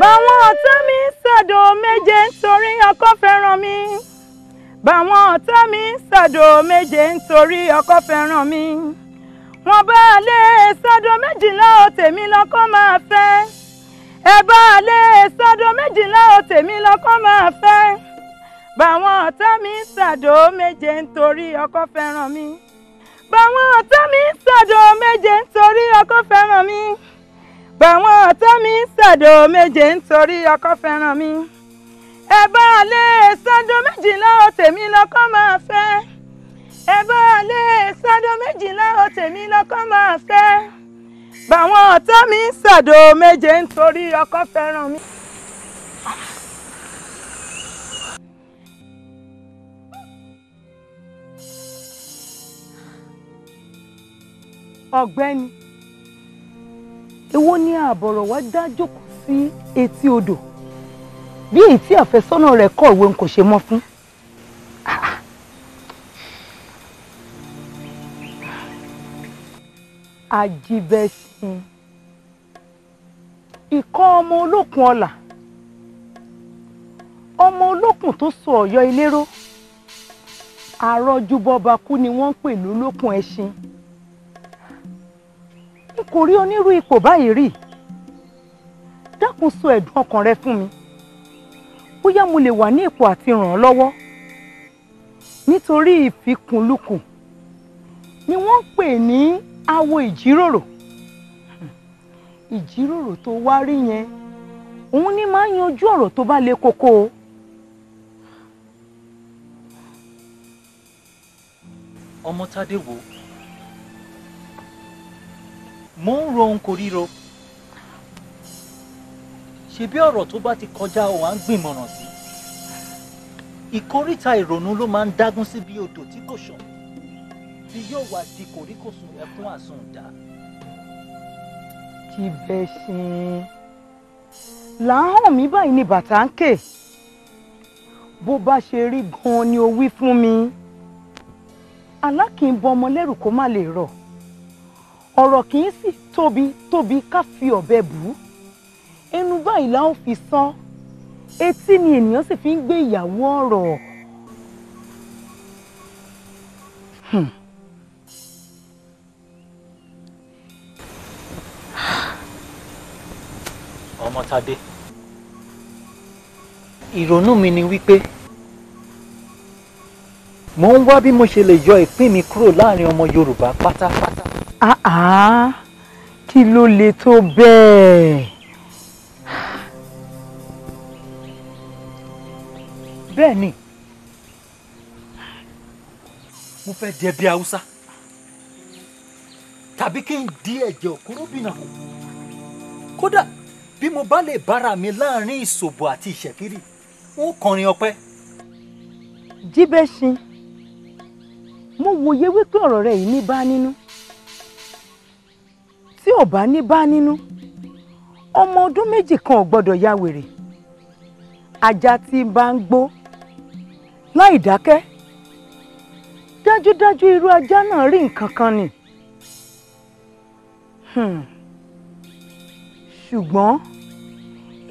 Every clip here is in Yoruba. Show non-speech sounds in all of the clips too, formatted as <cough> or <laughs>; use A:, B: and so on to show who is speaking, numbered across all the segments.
A: báwọn ọ̀tá mi ṣàdó méje nítorí ọkọ̀ fẹ́ràn mi báwọn ọ̀tá mi ṣàdó méje nítorí ọkọ̀ fẹ́ràn mi wọn bá a lè ṣàdó méjìlá o
B: tèmi lọ́kọ máa fẹ́ ẹ bá a lè ṣàdó méjìlá o tèmi lọ́kọ máa fẹ́ báwọn ọ̀tá mi ṣàdó méje nítorí ọkọ̀
A: fẹ́ràn mi báwọn ọ̀tá mi ṣàdó méje nítorí ọkọ̀ fẹ́ràn mi.
B: bàwọn ọ̀tá mi ń ṣàdó méje nítorí ọkọ fẹ́ràn mi ẹ bá a lè ṣàdó méjìlá o tèmi lọ́kọ máa fẹ́ ẹ bá a lè ṣàdó méjìlá o tèmi lọ́kọ máa fẹ́ bàwọn ọ̀tá mi ń ṣàdó méje nítorí ọkọ fẹ́ràn mi. ọ̀gbẹ́ni. èwo ni àbọ̀rọ̀ wá dá jókòó sí etí odò bí èyí tí àfẹ́sọ́nà rẹ̀ kọ̀wé n kò ṣe mọ́ fún. àjìbẹ̀sìn
A: ìkọ́ ọmọ olókun ọ̀la ọmọ olókun tó sọ ọ̀yọ́ ilérò àrọ́júbọba kú ni wọ́n ń pè lólókun ẹṣin. E n kò rí onírú ipò
B: báyìí rí dákun sọ ẹ̀dùn ọkàn rẹ fún mi bóyá mo lè wà ní ipò àti ràn án lọ́wọ́ nítorí ìfikùnlukùn ni wọ́n ń pè ní awo ìjíròrò
A: ìjíròrò tó wá rí yẹn òun ni máa ń yanjú ọ̀rọ̀ tó bá le koko o. ọmọ tádé mo ń ro ohun kò ríro ṣebí ọ̀rọ̀ tó bá ti kọjá o à ń gbìmọ̀ràn sí ìkóríta ìrònú ló máa ń dágún sí bí odò tí kò ṣàn tí yóò wá di kòríkòsùn ẹkún àsundà.
B: ti bẹ́ sí i làáhùn mi báyìí ni bàtà ń kè bó bá ṣe rí gan-an ni o wí fún mi alákìnbọn kó má lè rọ̀ ọ̀rọ̀ kì í sì tóbi tóbi ká fi ọ̀bẹ bù ú ẹnu báyìí la ó fi sọ etí ni ènìyàn sì fi ń gbé ìyàwó ọ̀rọ̀.
C: Hmm.
A: ọmọtadé ìrònú mi ni wípé mo ń wá bí mo ṣe lè yọ ìpín mi kúrò láàrin ọmọ Yorùbá pátápátá.
B: Ah, ah, kí ló le tó bẹ́ẹ̀. bẹ́ẹ̀ ni
A: mo fẹ́ jẹ bí haúsá tàbí kí n di ẹ̀jẹ̀ òkúrúbìnà kù kódà bí mo bá lè bára mi láàrin ìṣòbò àti ìṣẹ̀kírì n ó kọrin ọpẹ́. jíbẹ́ ṣin mo wòye wípé ọ̀rọ̀ rẹ yìí ní bá nínú. No? tí ò bá ní bá nínú ọmọ ọdún méjì kan ò gbọdọ ya wèrè ajá
B: tí bá ń gbó láì dákẹ́ dájúdájú irú ajá náà rí nǹkan kan ni hmm.
A: ṣùgbọ́n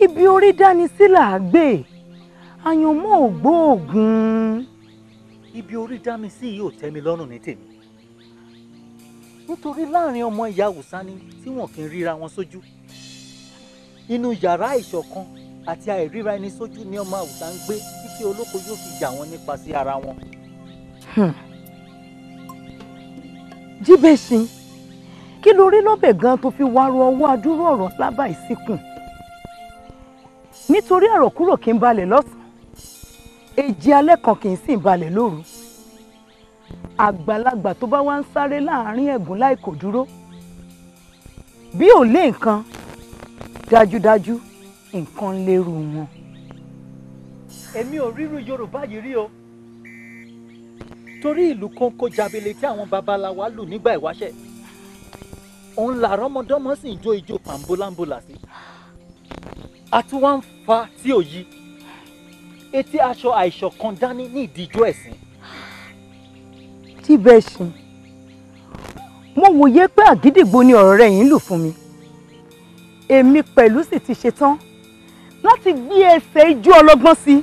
A: ibi orí dání sí là á àyànmọ́ ògbóògùn. ibi orí dá mi sí yìí ò tẹ́ mi lọ́rùn ní tèmi nítorí láàrin ọmọ ìyá òòsàn ni tí wọn kì í ríra wọn sójú inú yàrá ìṣọ̀kan àti àìríra ẹni sójú ni ọmọ àwùjá ń gbé títí olóko yóò fi jà wọn nípa sí ara wọn. Hmm. jíbẹ̀sìn kí ló rí lọ́bẹ̀ gan tó fi wárò ọwọ́ adúrú ọ̀rọ̀ lábà ìsìnkùn nítorí ọ̀rọ̀ kúrò kí n balẹ̀ lọ́sàn-án èjì alẹ́ kan kì í sì balẹ̀ lóru
B: àgbàlagbà tó bá wá ń sáré láàrin ẹ̀gún láì kò dúró bí ò lé nǹkan dájúdájú nǹkan ń lérú wọn.
A: èmi ò rírú yorùbá yìí rí o torí ìlú kan kó jabele tí àwọn babaláwa lù nígbà ìwáṣẹ̀ òun làárọ̀ ọmọdọ́mọ sì ń jó ijó pàǹbólàǹbólà sí a tún wá ń fa tí ò yí etí aṣọ àìṣọ̀kan dání ní ìdíjọ́ ẹ̀sìn
B: tí bẹ́ẹ̀ ṣin mo wòye pé àgídìgbò ni ọ̀rọ̀ rẹ̀ yìí ń lù fún mi èmi pẹ̀lú sì ti ṣetán láti gbé ẹsẹ̀ ijó ọlọ́gbọ́n sí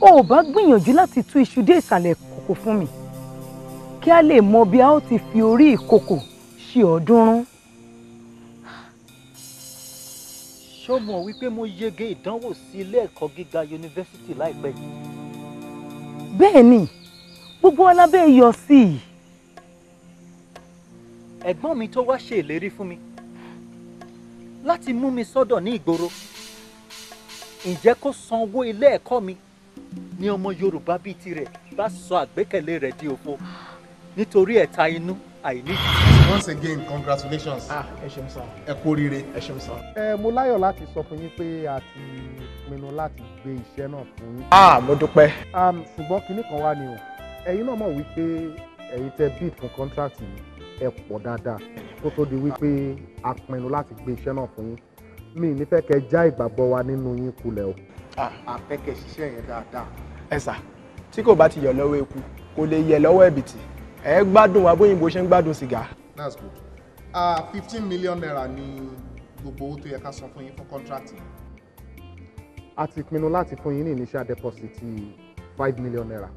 B: o ò bá gbìyànjú láti tú iṣu dé ìsàlẹ̀ kòkò fún mi kí a lè mọ bí a ó ti fi orí ìkòkò ṣe ọ̀ọ́dúnrún.
A: ṣó mọ̀ wípé mo yege ìdánwò sí ilé ẹ̀kọ́ gíga yunifásitì láìpẹ́ yìí. bẹ́ẹ̀ ni gbogbo alábẹ́ yọ sí i. ẹ̀gbọ́n mi tó wá ṣe ìlérí fún mi láti mú mi sọ́dọ̀ ní ìgboro ǹjẹ́ kó sanwó ilé ẹ̀kọ́ mi ni ọmọ Yorùbá bíi tirẹ̀ bá sọ àgbékalẹ̀ rẹ̀ di òfo nítorí ẹ̀ta inú àìní. once again congratulations. ah ẹ ṣeun sá. ẹ kú oríire. ẹ ṣeun sá. ẹ mo láyọ̀ láti sọ fún yín pé a ti pinnu láti gbé iṣẹ́ náà fún yín. ah mo dúpẹ́. ṣùgbọ́n kinní kan wà ní o ẹ̀yin náà mọ̀ wípé ẹ̀yin tẹ bid fún contract yìí ẹ pọ̀ dáadáa kó tó di wípé a pinnu láti gbé iṣẹ́ náà fún yín mi ní fẹ́ kẹ́ já ìgbàgbọ́ wa nínú yín kulẹ̀ o. àfẹ́kẹ́ ah. ṣiṣẹ́ yẹn dáadáa. ẹ sà tí kò bá ti yọ lọ́wọ́ eku kò lè yẹ lọ́wọ́ ẹ̀bìtì ẹ gbádùn wa bóyìnbó ṣe ń gbádùn sìgá. that's good ah, fifteen uh, million naira ni gbogbo owó tó yẹ ká san fún yín fún contract yìí. a ti pinnu láti fún yín ní initial deposit five million naira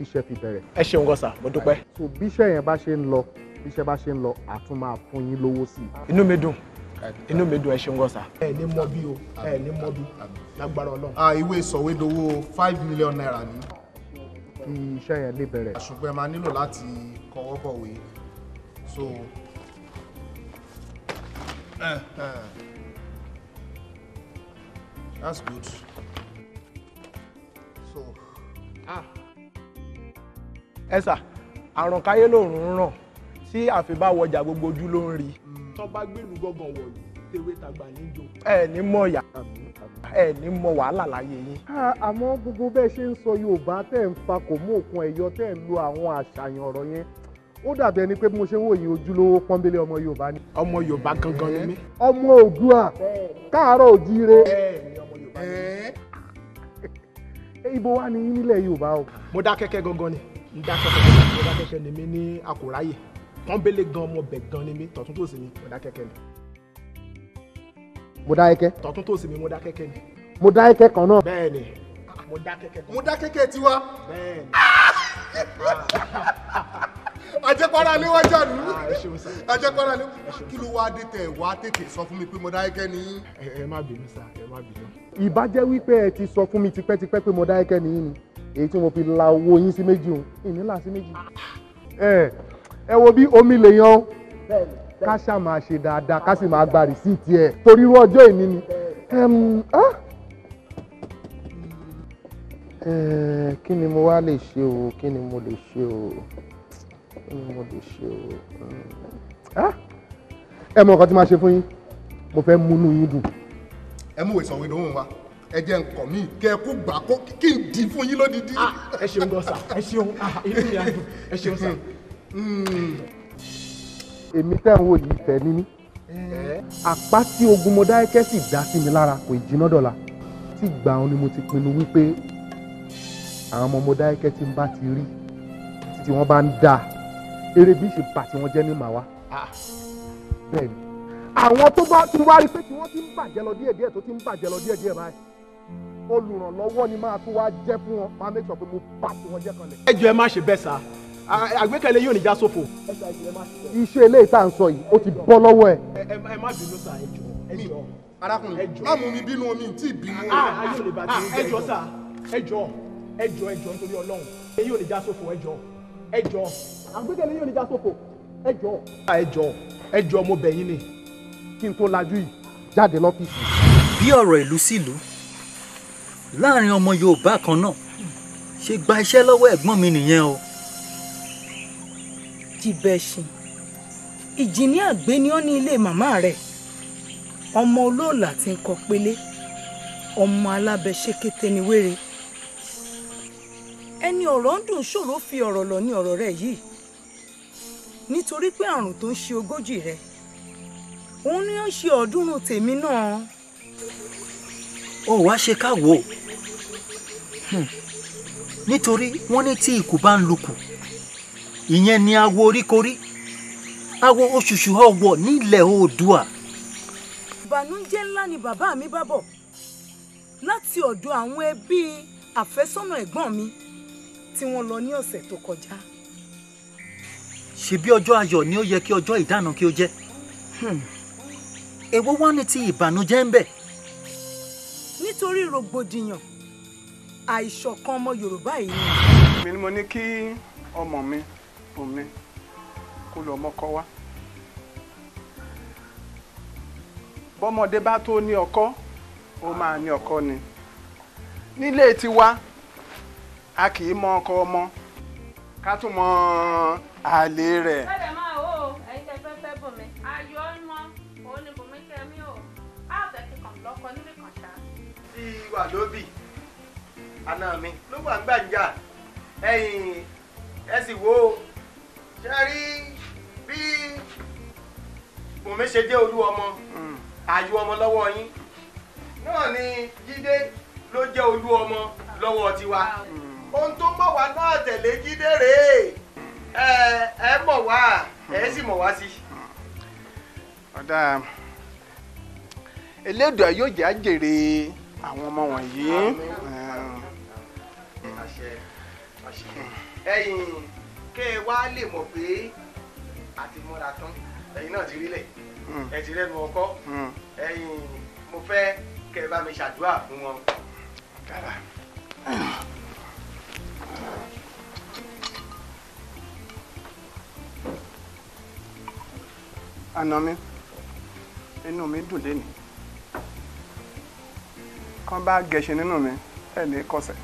A: kí iṣẹ́ fi bẹ̀rẹ̀. ẹ ṣeun gan mo dúpẹ́. so bí iṣẹ́ yẹn bá ṣe ń lọ bí iṣẹ́ bá ṣe ń lọ a tún máa fún yín lówó sí i. inú mi dùn inú mi dùn ẹ ṣeun gan ẹ ní mọ bí o ẹ ní mọ bí lágbára Ọlọ́run. Ah, ìwé sọ̀wédowó five million naira ni. kí iṣẹ́ yẹn lè bẹ̀rẹ̀. ṣùgbọ́n ẹ máa nílò láti kọwọ́ kọ̀wé so. Eh, eh. that's good. So, ah, ẹ sà àrùn káyé lòrùn ń ràn tí àfibá wọjà gbogbo ojú ló ń rí. tó bá gbèlú gángan wọ̀lú tewé tàgbà níjó. ẹ ní mọ ìyá ẹ ní mọ wàhálà láyé yín. àmọ́ gbogbo bẹ́ẹ̀ ṣe ń sọ yorùbá tẹ́ ń fa kò mú òkun ẹ̀yọ tẹ́ ń lo àwọn àṣàyàn ọ̀rọ̀ yẹn ó dàbí ẹni pé mo ṣe ń wòye ojúlówó pọ́nbélé ọmọ yorùbá ni. ọmọ yorùbá gangan ni mí. ọmọ òdua káàárọ̀ òjíire. ibo wa ni yín nílẹ̀ yorùbá o. mo dá kẹ́kẹ́ gangan ni ń dákẹ́ tó bá tó dákẹ́kẹ́ ni mí ní àkóráyè pọ́nbélé gan ọmọ bẹ̀ gan ni mí tọ̀tún tòsì mi mo dákẹ́kẹ́ ni. mo dákẹ́kẹ́. tọ̀tún tòsì mi mo dákẹ́kẹ́ ni. mo dákẹ́kẹ́ kan náà. bẹ́ẹ̀ ni ah, mo dákẹ́kẹ́ kan. mo dákẹ́kẹ́ tiwa. bẹ́ẹ̀ ni. <laughs> àjẹpara ni wọ́n jàdú. Ah, àjẹpara ni kí ló wá dé tẹ̀ wá tètè sọ fún mi pé mo dákẹ́kẹ́ ni. ẹ má bínú sá ẹ má bínú. ìbá wípé ẹ ti sọ fún mi tipẹ́tipẹ́ pé mo dákẹ́kẹ́ ni yín ni èyí tí mo fi la owó yín sí méjì òun ìní là sí méjì. ẹ ẹ wo bí omi lè yan ká ṣáà máa ṣe dáadáa ká sì máa gba rìsíìtì ẹ torí irú ọjọ́ ìní ni. kí ni mo wá lè ṣe o kí ni mo lè ṣe o kí ni mo lè ṣe o. ẹ mọ nǹkan tí màá ṣe fún yín mo fẹ́ múnú yín dùn. ẹ mú ìsọ̀wé lóhùn wa ẹ jẹ́ nkọ̀ mi kẹ́ ẹ kú gbà kó kí n dì fún yín lódìdí. Ah, ẹ ṣeun gan sa ẹ ṣeun ah, inú mi á dùn ẹ ṣeun sa. Hmm. èmi tẹ́ ń wò yìí fẹ́ ní mí àpá tí ogun Mọdákẹ́kẹ́ sì dá sí mi lára kò jìnnà dọ̀la tí gbà ọ́n ni mo ti pinnu wípé àwọn ọmọ Mọdákẹ́kẹ́ tí ń bá ti rí tí wọ́n bá ń dà eré bí ṣe bà tí wọ́n jẹ́ ní màwá ah. bẹ́ẹ̀ ni àwọn tó bá ti wá rí pé tí wọ́n ti ń bàjẹ́ lọ díẹ̀díẹ̀ tó ti ń bàjẹ́ lọ díẹ̀díẹ̀ báyìí olùrànlọ́wọ́ ni máa tún wá jẹ́ fún wọn máa make sure pé mo bá fún wọn jẹ́ kan lẹ̀. ẹ jọ ẹ má ṣe bẹ́ẹ̀ sá àgbékalẹ̀ yóò ní já sófo. iṣẹ́ eléyìí tá à ń sọ yìí ó ti bọ́ lọ́wọ́ ẹ. ẹ má bínú sá ẹ jọ ẹ jọ arákùnrin má mú mi bínú omi tí ì bínú. ẹ jọ sá ẹ jọ ẹ jọ ẹ jọ nítorí Ọlọ́run ẹ yóò ní já sófo ẹ jọ ẹ jọ. àgbékalẹ̀ yóò ní já sófo ẹ jọ. ẹ mo bẹ̀ ni kí n tó lajú yìí jáde lọ́fíìsì. bí ọ̀rọ̀ ìlú sílùú láàrin ọmọ Yorùbá kan náà ṣe gba iṣẹ́ lọ́wọ́ ẹ̀gbọ́n mi nìyẹn o.
B: Dìbẹ̀ṣìn ìjìníà gbé ni ó ní ilé màmá rẹ̀ ọmọ olóòlà tí ń kọ pélé ọmọ alábẹ́ṣekété ni wéré ẹni ọ̀rọ̀ ń dùn ṣòro fi ọ̀rọ̀ lọ ní ọ̀rọ̀ rẹ̀ yìí nítorí pé àrùn tó ń ṣe ogójì rẹ̀ òun ni ó ń ṣe ọ̀ọ́dúnrún tèmi náà ó wá ṣe káwo
A: hmm. nítorí wọ́n ní tí ikú bá ń lukù ìyẹn ni awo oríkorí awo oṣùṣù ọwọ nílẹ̀ oòdùà. ìbànújẹ́ ńlá ni bàbá mi bá bọ̀ láti ọ̀dọ̀ àwọn ẹbí
B: àfẹ́sọ́nà ẹ̀gbọ́n mi tí wọ́n lọ ní ọ̀sẹ̀ tó kọjá.
A: ṣebí ọjọ́ ayọ̀ ni ó yẹ kí ọjọ́ ìdáná kí ó jẹ́ hmm. èwo wá ní ti ìbànújẹ́ ń bẹ̀ nítorí rògbòdìyàn àìṣọ̀kan ọmọ yorùbá yìí ni. mi ni mo ní kí ọmọ mi omi kó lọ mọ́kọ́ wá bọ́mọdé bá tó ní ọkọ ó máa ní ọkọ ni nílé tiwa a kì í mọ ọkọ ọmọ ká tún mọ àlè rẹ̀. ju àdóbì àná mi ló wà ń gbàǹjà ẹ̀yìn ẹ sì wo ṣe rí bí bùnmi ṣe jẹ́ olú ọmọ hmm. àyù ọmọ lọ́wọ́ yín náà ni jíde ló jẹ́ olú ọmọ lọ́wọ́ tiwa hmm. ohun tó ń bọ̀ wá náà tẹ̀lé jíde rèé ẹ ẹ mọ̀ wá ẹ hmm. sì mọ̀ wá sí. ọ̀dà elédùà yóò jẹ́ àjèrè. àwọn ọmọ wọ̀nyí. ẹ̀yin kẹ́ ẹ wá lè mọ̀ pé a ti múra tán ẹ̀yin náà ti rí lẹ̀ hmm. ẹ ti rẹ́nu ọkọ́ hmm. ẹ̀yin mo fẹ́ kẹ́ ẹ bá mi ṣàdúrà fún wọn. àná mi inú mi dùn lénìí kán bá gẹ̀ṣẹ̀ nínú mi ẹ̀ ní kọsẹ̀.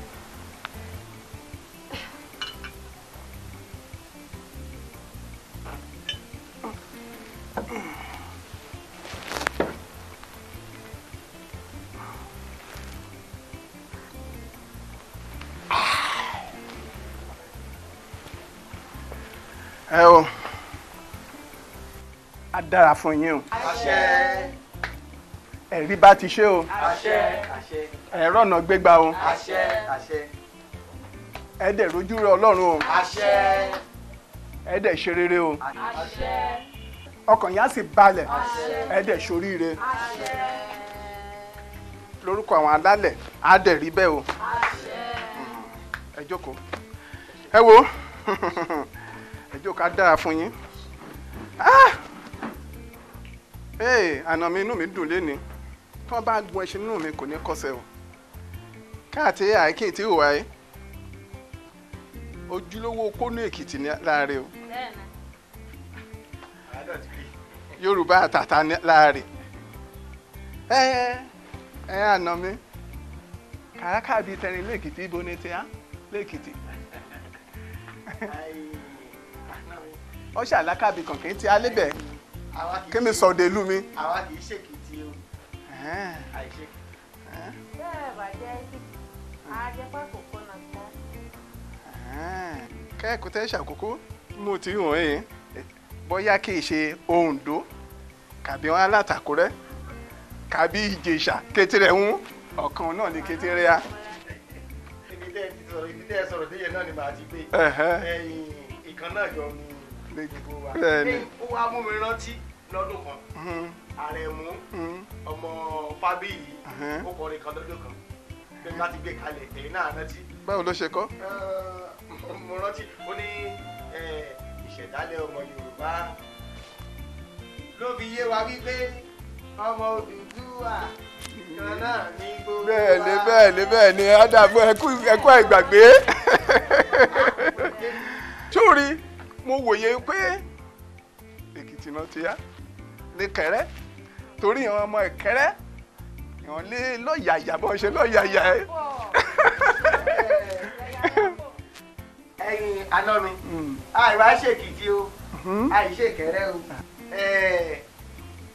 A: ẹ o a dára fún yín o àṣẹ ẹ̀rí bá ti ṣe o
D: àṣẹ.
A: ẹ̀rọ ọ̀nà gbégbá o.
D: àṣẹ
A: ẹ dẹ̀ rojú rẹ ọlọ́run o. àṣẹ. ẹ dẹ̀ ṣe rere o. àṣẹ. ọkàn yẹn á sì balẹ̀. ẹ dẹ̀ ṣoríire. àṣẹ. lórúkọ àwọn alálẹ̀ á dẹ̀ rí bẹ́ẹ̀ o.
C: àṣẹ.
A: ẹ jókòó ẹ wo <laughs> ẹ jókòó á dára fún yín. Ah! àná mi inú mi dùn lénìí tí wọ́n bá gun ẹṣin mi kò ní o. káàtì ai kéètì ò wáyé ojúlówó kónú èkìtì láàrin o yorùbá àtàtà láàrin ẹ ẹ àná mi kàràkà bíi tẹni lẹ́kìtì ibo ni ti á lẹ́kìtì ọ ṣàlákà bíi kànkàn ti á lébẹ̀ kí mi sọ mi. àwa kì í ṣèkìtì o
B: àìṣèkìtì. Ah,
A: ah, kẹ́ẹ̀kú tẹ́ ṣàkókò mo ti hàn ẹ́ bóyá kì í ṣe Oǹdó kàbí wọn alátakùrẹ́ kàbí Ìjẹ̀ṣà kétéré ń ọ̀kan náà ni kétéré a. ibi tẹ́ ẹ sọ̀rọ̀ déyẹ náà ni màá ti gbé ẹ̀yìn ìkan náà jọ mi gbogbo wa ó wá mú mi rántí lọ́dún kan hmm. àrẹ̀mú hmm. ọmọ fábíyì ó kọrin kan lọ́dún kan láti gbé kalẹ̀ ẹ̀yin náà rántí. báwo ló ṣe kọ́. mo rántí ó ní ìṣẹ̀dálẹ̀ ọmọ yorùbá ló fi yé wa wípé ọmọ Odùduwà kan ní gbogbo wa. bẹ́ẹ̀ ni bẹ́ẹ̀ ni bẹ́ẹ̀ ni ádámù <laughs> mo wòye pé èkìtì náà ti yá ní kẹrẹ torí àwọn ọmọ ìkẹrẹ èèyàn lé lọ́yàyà bọ́ ṣe lọ́yàyà ẹ. <laughs> ẹyin aná mi àìwá hmm. ṣèkìtì o àìṣèkẹrẹ hmm.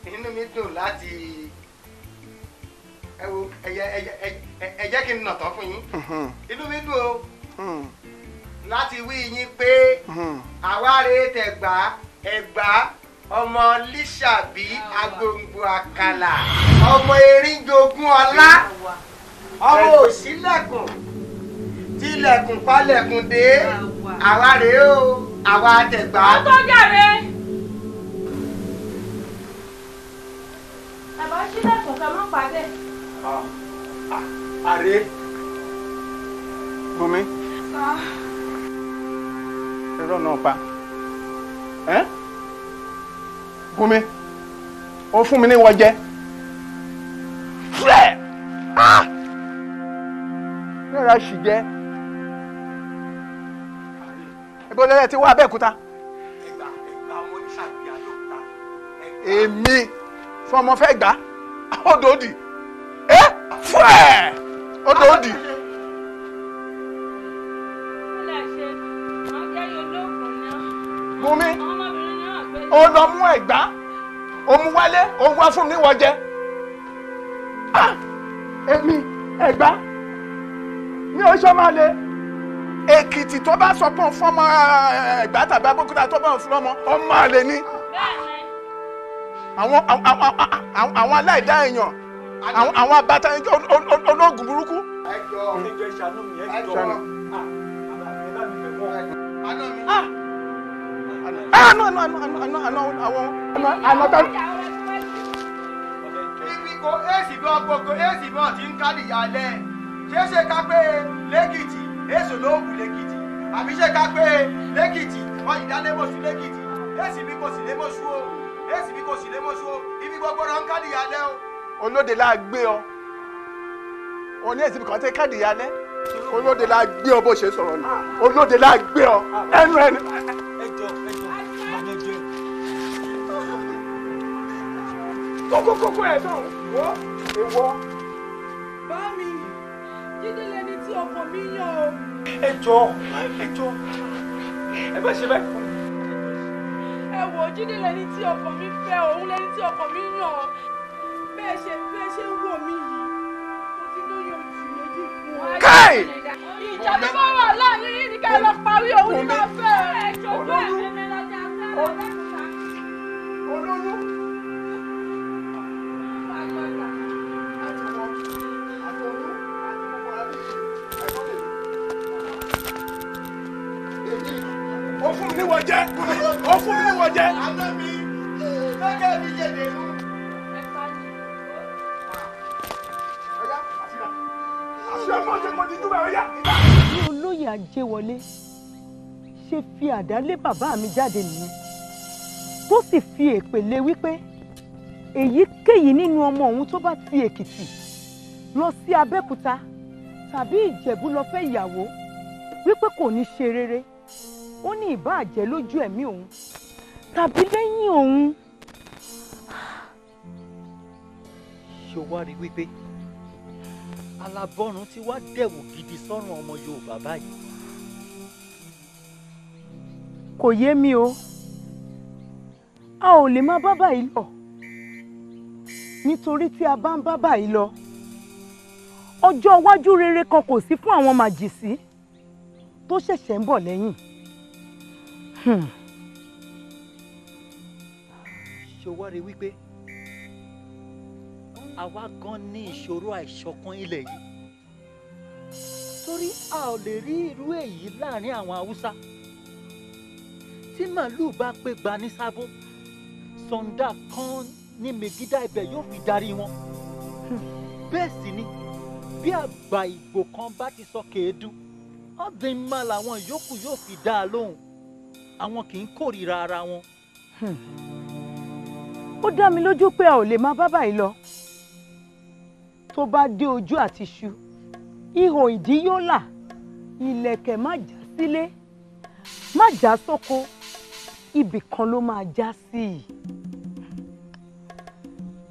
A: o inú mi dùn láti ẹ wo ẹ jẹ́ kí n nà tán fún yín hmm. inú mi dùn o láti wí yín pé àwárí tẹ̀gbá ẹ̀gbá ọmọ lísàbí agbóngbò àkàlà ọmọ erínjogún ọlá ọmọ òsínlẹ̀kùn tilẹ̀kùn palẹ̀kùn dé àwa rèé o àwa àtẹ̀gbá. ó tó jàre.
B: bàbá sílẹ̀kùn kan mọ́ pàdé.
A: àrè bomi ah. ẹ̀rọ náà pa. Eh? Gúnmi ó fún mi ní wọ́n jẹ́ fúlẹ̀ rẹ́ra sì jẹ́ ẹgbẹ́ olóyè ti wá Abẹ́òkúta. èmi fún ọmọ fẹ́ gbà odò òdì ẹ fúlẹ̀ odò òdì. Gúnmi o lọ mú ẹ̀gbá o mú wálé o wá fún mi wọ́n jẹ ah, èmi ẹ̀gbá mi ò sọ máa le èkìtì tó bá sọ pọ̀ fún ọmọ ẹ̀gbá tàbí abókúta tó bá fún ọmọ ọmọ àlè ni àwọn aláìdá èèyàn àwọn abata ológun burúkú. ẹ jọ ẹ jọ ìṣàánú ah, ah, mi ẹ jọ àná àná àná àná àná àwọn àná tó. ibi ko èsì bí ọgbọgbọ èsì bí ọtí ń kálí alẹ ṣeéṣe ká pé lẹ́kìtì èso ló wù lẹ́kìtì àbí ṣe ká pé lẹ́kìtì wọ́n yìí dá lẹ́mọ̀sù lẹ́kìtì èsì bí kò sì lẹ́mọ̀sù o èsì bí kò sì lẹ́mọ̀sù o ibi gbogbo rẹ̀ ń kálí alẹ o. olóde la gbé ọ òun ní èsì bí kò tẹ káàdì alẹ olóde la gbé ọ bó ṣe sọ̀rọ̀ ni olóde la gbé ọ ẹnu ẹnu. ẹ jọ kókókókó ẹ̀ náà wọ́
B: ewọ́. bá mi jíde lẹni tí ọkọ mi yàn o. ẹ jọ ẹ jọ
A: ẹ bá ṣe báyìí fún mi. ẹ wò jíde lẹni tí ọkọ mi fẹ́ òun lẹni tí ọkọ mi yàn bẹ́ẹ̀ ṣe bẹ́ẹ̀ ṣe ń wò mí yìí mo ti lóye oṣù méjì fún ọ. káì. ìjà tó bá wà láàrin yìí ni ká lọ parí òun ní máa fẹ́ ẹ jọ bẹ́ẹ̀. olóyún olóyún. ó fún mi níwọ̀ jẹ́ ó fún mi níwọ̀ jẹ́. lọ́jọ́ mi jẹ dèlú. ní olóyè àjẹwọlé ṣe fi àdá lé bàbá mi jáde nìyẹn tó sì fi èpè lé wípé èyíkéyìí nínú
B: ọmọ òun tó bá ti èkìtì lọ sí abẹ́òkúta tàbí ìjẹ̀bú lọ fẹ́ ìyàwó wípé kò ní ṣe rere ó ní ìbàjẹ́ lójú ẹ̀mí òun tàbí lẹ́yìn òun.
A: ṣé o wá wípé alábọ́run ti wá dẹ̀wò gidi sọ́run ọmọ Yorùbá báyìí. kò yé mi o a ò lè má bá báyìí lọ nítorí tí a bá ń bá báyìí lọ ọjọ́ iwájú rere kan kò sí fún àwọn
B: màjèsí tó ṣẹ̀ṣẹ̀ ń bọ̀ lẹ́yìn. Hmm.
A: ṣé o wá rí wípé àwa gan ní ìṣòro àìṣọ̀kan ilẹ̀ yìí torí a ò lè rí irú èyí láàrin àwọn haúsá tí màálù bá pé gba sábó sọ̀ǹda kan ní mègídà ibẹ̀ yóò fi darí wọn hmm. bẹ́ẹ̀ sì ni bí àgbà ìgbò kan bá ti sọ kéédú ọ̀dìnmá làwọn yòókù yóò fi dá a lóhùn àwọn kì í kórìíra ara wọn.
B: Hmm. ó dá mi lójú pé a ò lè máa bá báyìí lọ
A: tó bá dé ojú àti ṣu ihò ìdí yóò là
B: ìlẹ̀kẹ̀ má já sílé má já sóko ibì kan ló máa já sí i.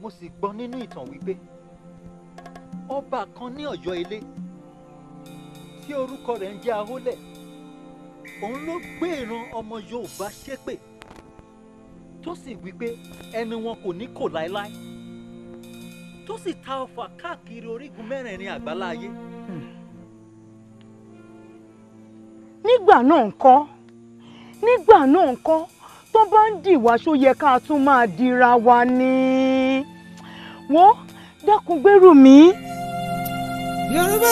A: mo sì gbọ́ nínú ìtàn wípé ọba kan ní Ọ̀yọ́ ilé tí orúkọ rẹ̀ ń jẹ́ Ahólẹ̀. òun ló gbé ìran ọmọ Yorùbá ṣépè tó sì wípé ẹni wọn kò ní kò láéláé tó sì ta ọfà káàkiri orígun mẹ́rẹ̀ẹ̀rin àgbáláyé. nígbà náà ńkọ́ nígbà náà ńkọ́ tó bá ń dìwà ṣó yẹ ká tún máa dira wa ni wọ́n dákun gbẹ́rù mi. Yorùbá.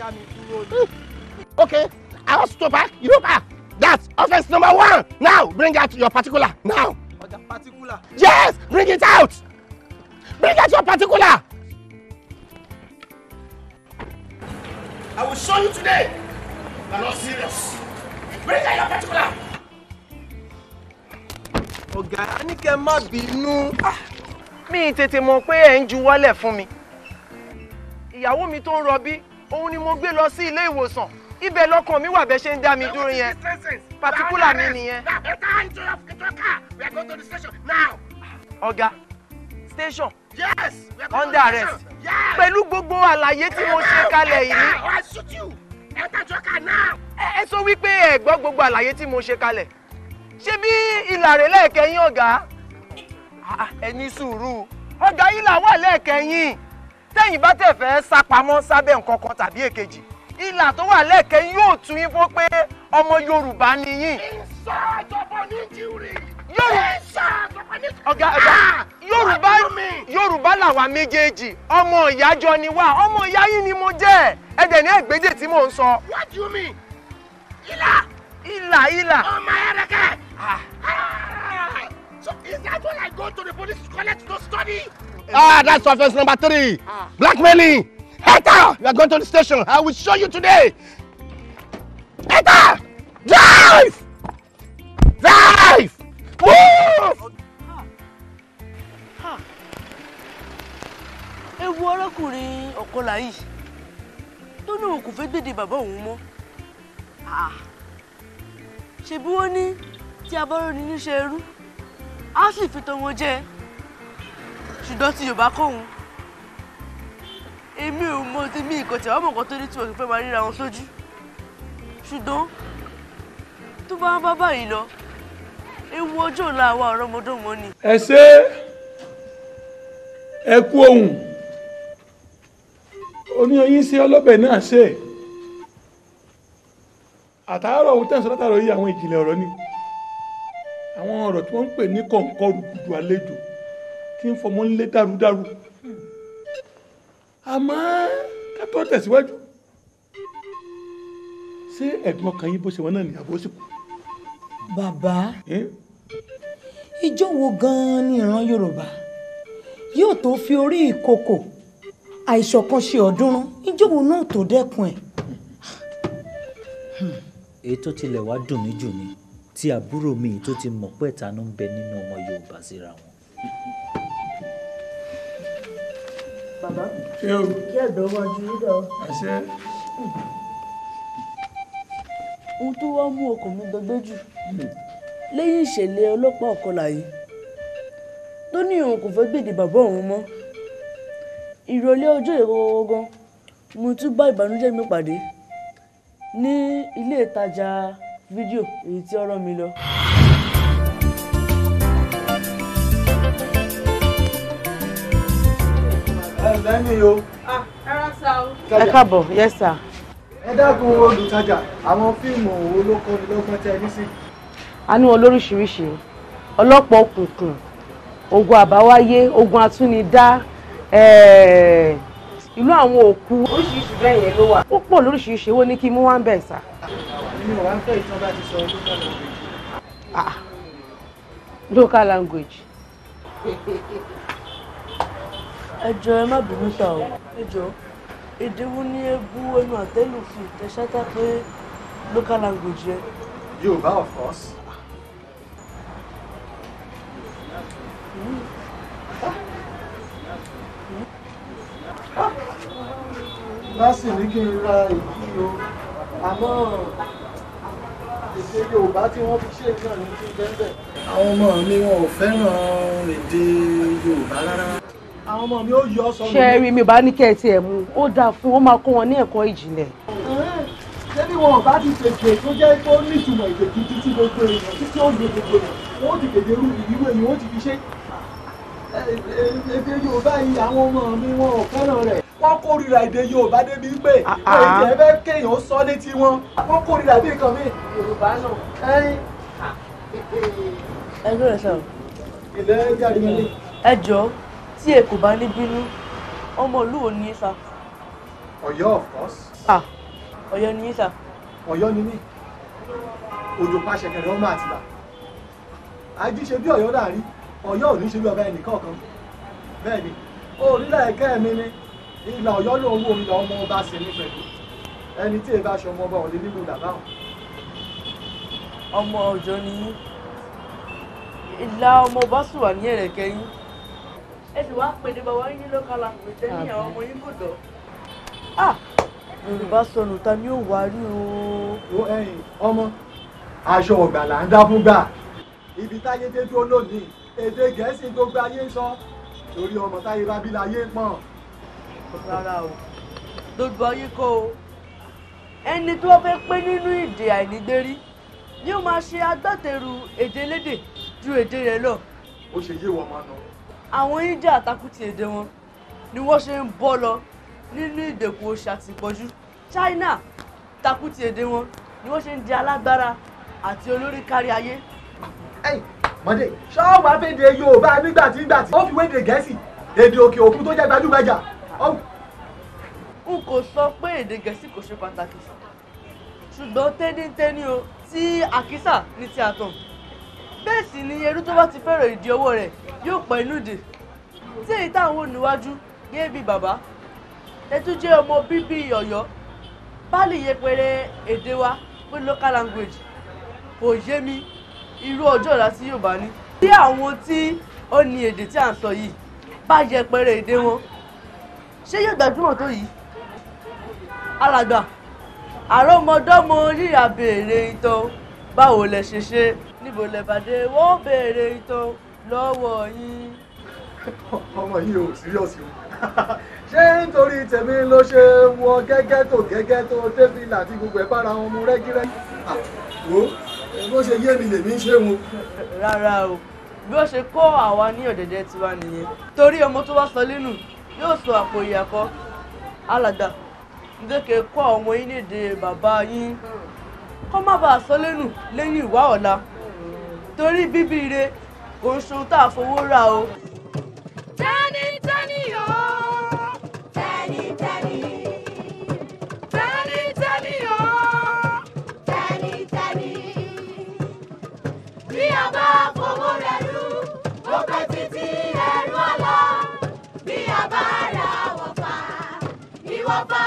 A: dá mi dúró ni. Hmm. okay i want to back you back that's offense number one now bring out your particular now. ọjà particular. yes bring it out bring out your particular. i will show you today you not serious bring out your particular. ọ̀gá a ní kẹ́ má bínú. Ah, mi tètè mọ̀ pé ẹ̀ ń juwọ́lẹ̀ fún mi ìyàwó mi tó ń rọbí òun ni mo gbé lọ sí ilé ìwòsàn ibẹ̀ lọ́kàn mi wà bẹ́ẹ̀ ṣe ń dá mi dúró yẹn pàtíkùlà mi nìyẹn. ọ̀gá station yes, under arrest pẹ̀lú gbogbo àlàyé tí mo ṣe kalẹ̀ yìí. ẹ sọ wípé ẹ gbọ́ gbogbo àlàyé tí mo ṣe kalẹ̀ ṣé bí ìlàrè lẹ́ẹ̀kẹ́yìn ọ̀gá ẹ ní sùúrù ọ̀gá ìlà wà lẹ́ẹ̀kẹ́yìn. tẹ́yìn bá tẹ̀ fẹ́ sápamọ́ sábẹ́ nǹkan kan tàbí èkejì ìlà tó wà lẹ́ẹ̀kẹ́ yóò tún yín fún pé ọmọ yorùbá ni yín. ọ̀gá ọ̀gá ah! yorùbá yorùbá làwa méjèèjì ọmọ ìyá jọ ni wá ọmọ ìyá yín ni mo jẹ́ ẹ̀dẹ̀ ní ẹ̀gbẹ́jẹ̀ tí mò ń sọ. what do you mean? ìlà. ìlà ìlà. ọmọ ẹ̀rẹ̀kẹ́. Ah. Ah! so is that when I go to the police college to study? Ah, that's offense number three. Ah. Blackmailing. Hater, you are going to the station. I will show you today. Hater, drive! Drive! Move! Ewu arákùnrin ọ̀kọlà yìí tó ní òun kò fẹ́ gbèdè bàbá òun mọ́. Ah. Ṣèbí wọ́n ní tí abọ́rọ́ ni níṣe ẹrú, á sì fi tọ́ wọn jẹ́ ṣùgbọ́n tí yorùbá kóhun èmi ò mọ ti mí ìkọ̀tì àwọn ọmọ kan tó ní tí òkè fẹ́ máa ríra wọn sójú ṣùgbọ́n tó bá bá báyìí lọ ewu ọjọ́ ọ̀la àwa ọ̀rọ̀mọdọ́mọ ni. ẹ ṣe ẹ kú ohun oníyanyin ṣe ọlọ́bẹ̀ náà ṣe àtàárọ̀ ohun tẹ̀sán látàrọ̀ yìí àwọn ìjìnlẹ̀ ọ̀rọ̀ ni àwọn ọ̀rọ̀ tí wọ́n ń pè ní kọ̀ǹkọ̀ rúgudu àlejò kí n fọmọ nílé dàrúdàrú àmọ́ ká tó tẹ̀síwájú ṣé ẹ̀gbọ́n kan yín bó ṣe wọn náà nìyàwó sì kú. bàbá ìjọ wo gan-an ni ìran yorùbá yóò tó fi orí ìkòkò àìṣọ̀kan ṣe ọ̀dúnrún ìjọ wo náà tó dẹ́kun ẹ̀. èyí tilẹ̀ wá dùn mí jù ni tí àbúrò mi tó ti mọ̀ pé ẹ̀tanú ń bẹ nínú ọmọ yorùbá síra wọn bàbá ṣé o kí ẹ̀dọ́ wá ju yídà o. àṣẹ. ohun tó wá mú ọkàn mi gbẹgbẹ jù hmm. lẹ́yìn ìṣẹ̀lẹ̀ ọlọ́pàá ọ̀kọlà yìí tó ní òun kò fẹ́ gbèdè bàbá òun mọ́ ìrọ̀lẹ́ ọjọ́ ìrọ̀rọ̀ gan mo tún bá ìbànújẹ́ mi pàdé ní ilé ìtajà fídíò èyí tí ọ̀rọ̀ mi lọ. Ah, ẹ̀ǹdẹ́ mi o. ẹ káàbọ̀ yes sir. ẹ dákun olùtajà
B: àwọn fíìmù olókọ́ni lọ́gbọ́n tẹ ní sí. a ní wọn lóríṣiríṣi ọlọ́pàá òkùnkùn ogun àbáwáyé ogun atúnidá ìlú àwọn òkú. oríṣiríṣi bẹ́ẹ̀ yẹn ló wà. ó pọ̀ lóríṣiríṣi owó ní kí mú wá ń bẹ̀ sá. mi ò wá ń fẹ́ ìtọ́ba ti sọ local language. ah local language. <laughs> ẹ jọ ẹ má bínú ta o
A: ẹ jọ ìdíwú ní ebú ẹnu àtẹ́lù fún ìtẹ̀sátá pé local language yẹ. Yorùbá of course. Láṣì ní kí n ra èyí o, àmọ́ èdè Yorùbá tí wọ́n fi ṣe náà ní kí bẹ́ẹ̀ bẹ́ẹ̀. Àwọn ọmọ mi wọn ò fẹ́ràn èdè Yorùbá rárá
B: àwọn ọmọ mi ó yọ sọ. ṣẹ́ẹ̀rì mi bá ní kẹ́ẹ̀tì ẹ̀ mú ó dáa fún ó máa kó wọn ní ẹ̀kọ́ ìjìnlẹ̀.
A: ṣébí wọn ò bá ti tètè tó jẹ́ tó nítumọ̀ ìgbèkí títí e, e gbogbo èèyàn títí ó lè gbogbo èèyàn wọ́n ti tètè rú ìdíwọ́ èèyàn wọ́n ti fi ṣe. èdè Yorùbá yìí àwọn ọmọ mi wọn ò fẹ́ràn rẹ̀ wọ́n kórìíra èdè Yorùbá débi pé ah, ah. èdè ẹ kéèyàn sọ létí wọn wọ́n kórìíra bí nǹkan mi ẹ gbọ́dọ̀ tí èkó bá ní bínú ọmọ ìlú wo ni sà. Ọ̀yọ́ of course. ah Ọ̀yọ́ ni yín sà. Ọ̀yọ́ ni mí òjò pàṣẹ kẹrẹ ọmọ àtìlà ají ṣe bí Ọ̀yọ́ láàrin Ọ̀yọ́ ò ní ṣe bí ọba ẹnìkan kan bẹ́ẹ̀ ni orílẹ̀ ẹ̀kẹ́ mi ni ìlà Ọ̀yọ́ ló ń wo ìlà ọmọ ọba sí ní pẹ̀lú ẹni tí èèbá aṣọ ọmọ ọba ò lè nílò dàbá hàn. ọmọ Ọ̀yọ́ ni yín ìlà ọmọ ọba sì wà ní ẹ̀rẹ̀kẹ́ yín ẹ sì wá pèdè bàbá yín ló kala
B: pèsè ní àwọn ọmọ yín kò dọ̀.
A: Mm. yorùbá sọnù ta ni ó wà rí o. ọmọ aṣọ ọ̀gbà là ń dá fún gbà ibi táyé dé dúró lónìí èdè gẹ̀ẹ́sì gbogbo ayé sọ torí ọmọ táyé bá bí láyé pọ̀n. rárá o gbogbo ayé kọ́ o ẹni tó fẹ́ pé nínú ìdè àìnígbérí ni ó máa ṣe agbátẹrù èdè lédè ju èdè rẹ̀ lọ. ó ṣe yé wọn máa nà àwọn india àtakùtì èdè wọn ni wọ́n ṣe ń bọ́ lọ nínú ìdẹ̀kùn oṣù àti ìpọ́njú china takùtì èdè wọn ni wọ́n ṣe ń di alágbára àti olórí kárí ayé. mọ̀dé ṣọ́ọ̀bù abéde yorùbá nígbàtí nígbàtí ó fi wéde gẹ̀ẹ́sì èdè òkè òkun tó jẹ́ gbajúgbajà. n kò sọ pé èdè gẹ̀ẹ́sì kò ṣe pàtàkì ṣùgbọ́n tẹ́nítẹ́ní o tí àkísà ní ti àtọ̀ bẹ́ẹ̀ sì ni eérú tó bá ti fẹ́ràn ìdí owó rẹ̀ yóò pẹ́ inú dè tí èyí táwọn wò níwájú gé bíi bàbá ẹ tún jẹ́ ọmọ bíbí ọ̀yọ́ báàlì yẹpẹrẹ èdè wa pé local language kò yé mi irú ọjọ́ ọ̀la tí yóò bá ní. bí àwọn tí ó ní èdè tí à ń sọ yìí bá yẹpẹrẹ èdè wọn ṣé yóò gbajúmọ̀ tó yìí alàgbà àrọ́mọdọ́mọ yíyà béèrè ìtàn báwo lẹ ṣe ṣe níbo lẹ́bàdé wọ́n béèrè ìtàn lọ́wọ́ yín. ọmọ yìí ò serious o <laughs> ṣé nítorí tèmi ló ṣe wọ gẹ́gẹ́ tó gẹ́gẹ́ tó débìlà àti gbogbo ẹ̀ bára wọn mu rẹ́gírẹ́gí. àwo ah, bó ṣe yé mi lèmi ń ṣe wọn. rárá o bí ó ṣe kó àwa ní ọ̀dẹ̀dẹ̀ tiwa nìyẹn torí ọmọ tó bá sọ lẹ́nu yóò sọ àpò ìyàkọ́ alàgbà ndéke kọ́ ọmọ yín léde bàbá yín kó má bàa sọ lẹ́nu lẹ́yìn ìwá ọ̀la torí bíbí ire kò ń ṣohun tá a fowó rà o.
D: tẹ́nitẹ́ni o tẹ́nitẹ́ni tẹ́nitẹ́ni o tẹ́nitẹ́ni bí a bá fowó rẹ̀ rú ó pẹ́ títí ẹ̀rú ọ̀la bí a bá ra wọ̀fà ìwọ̀fà.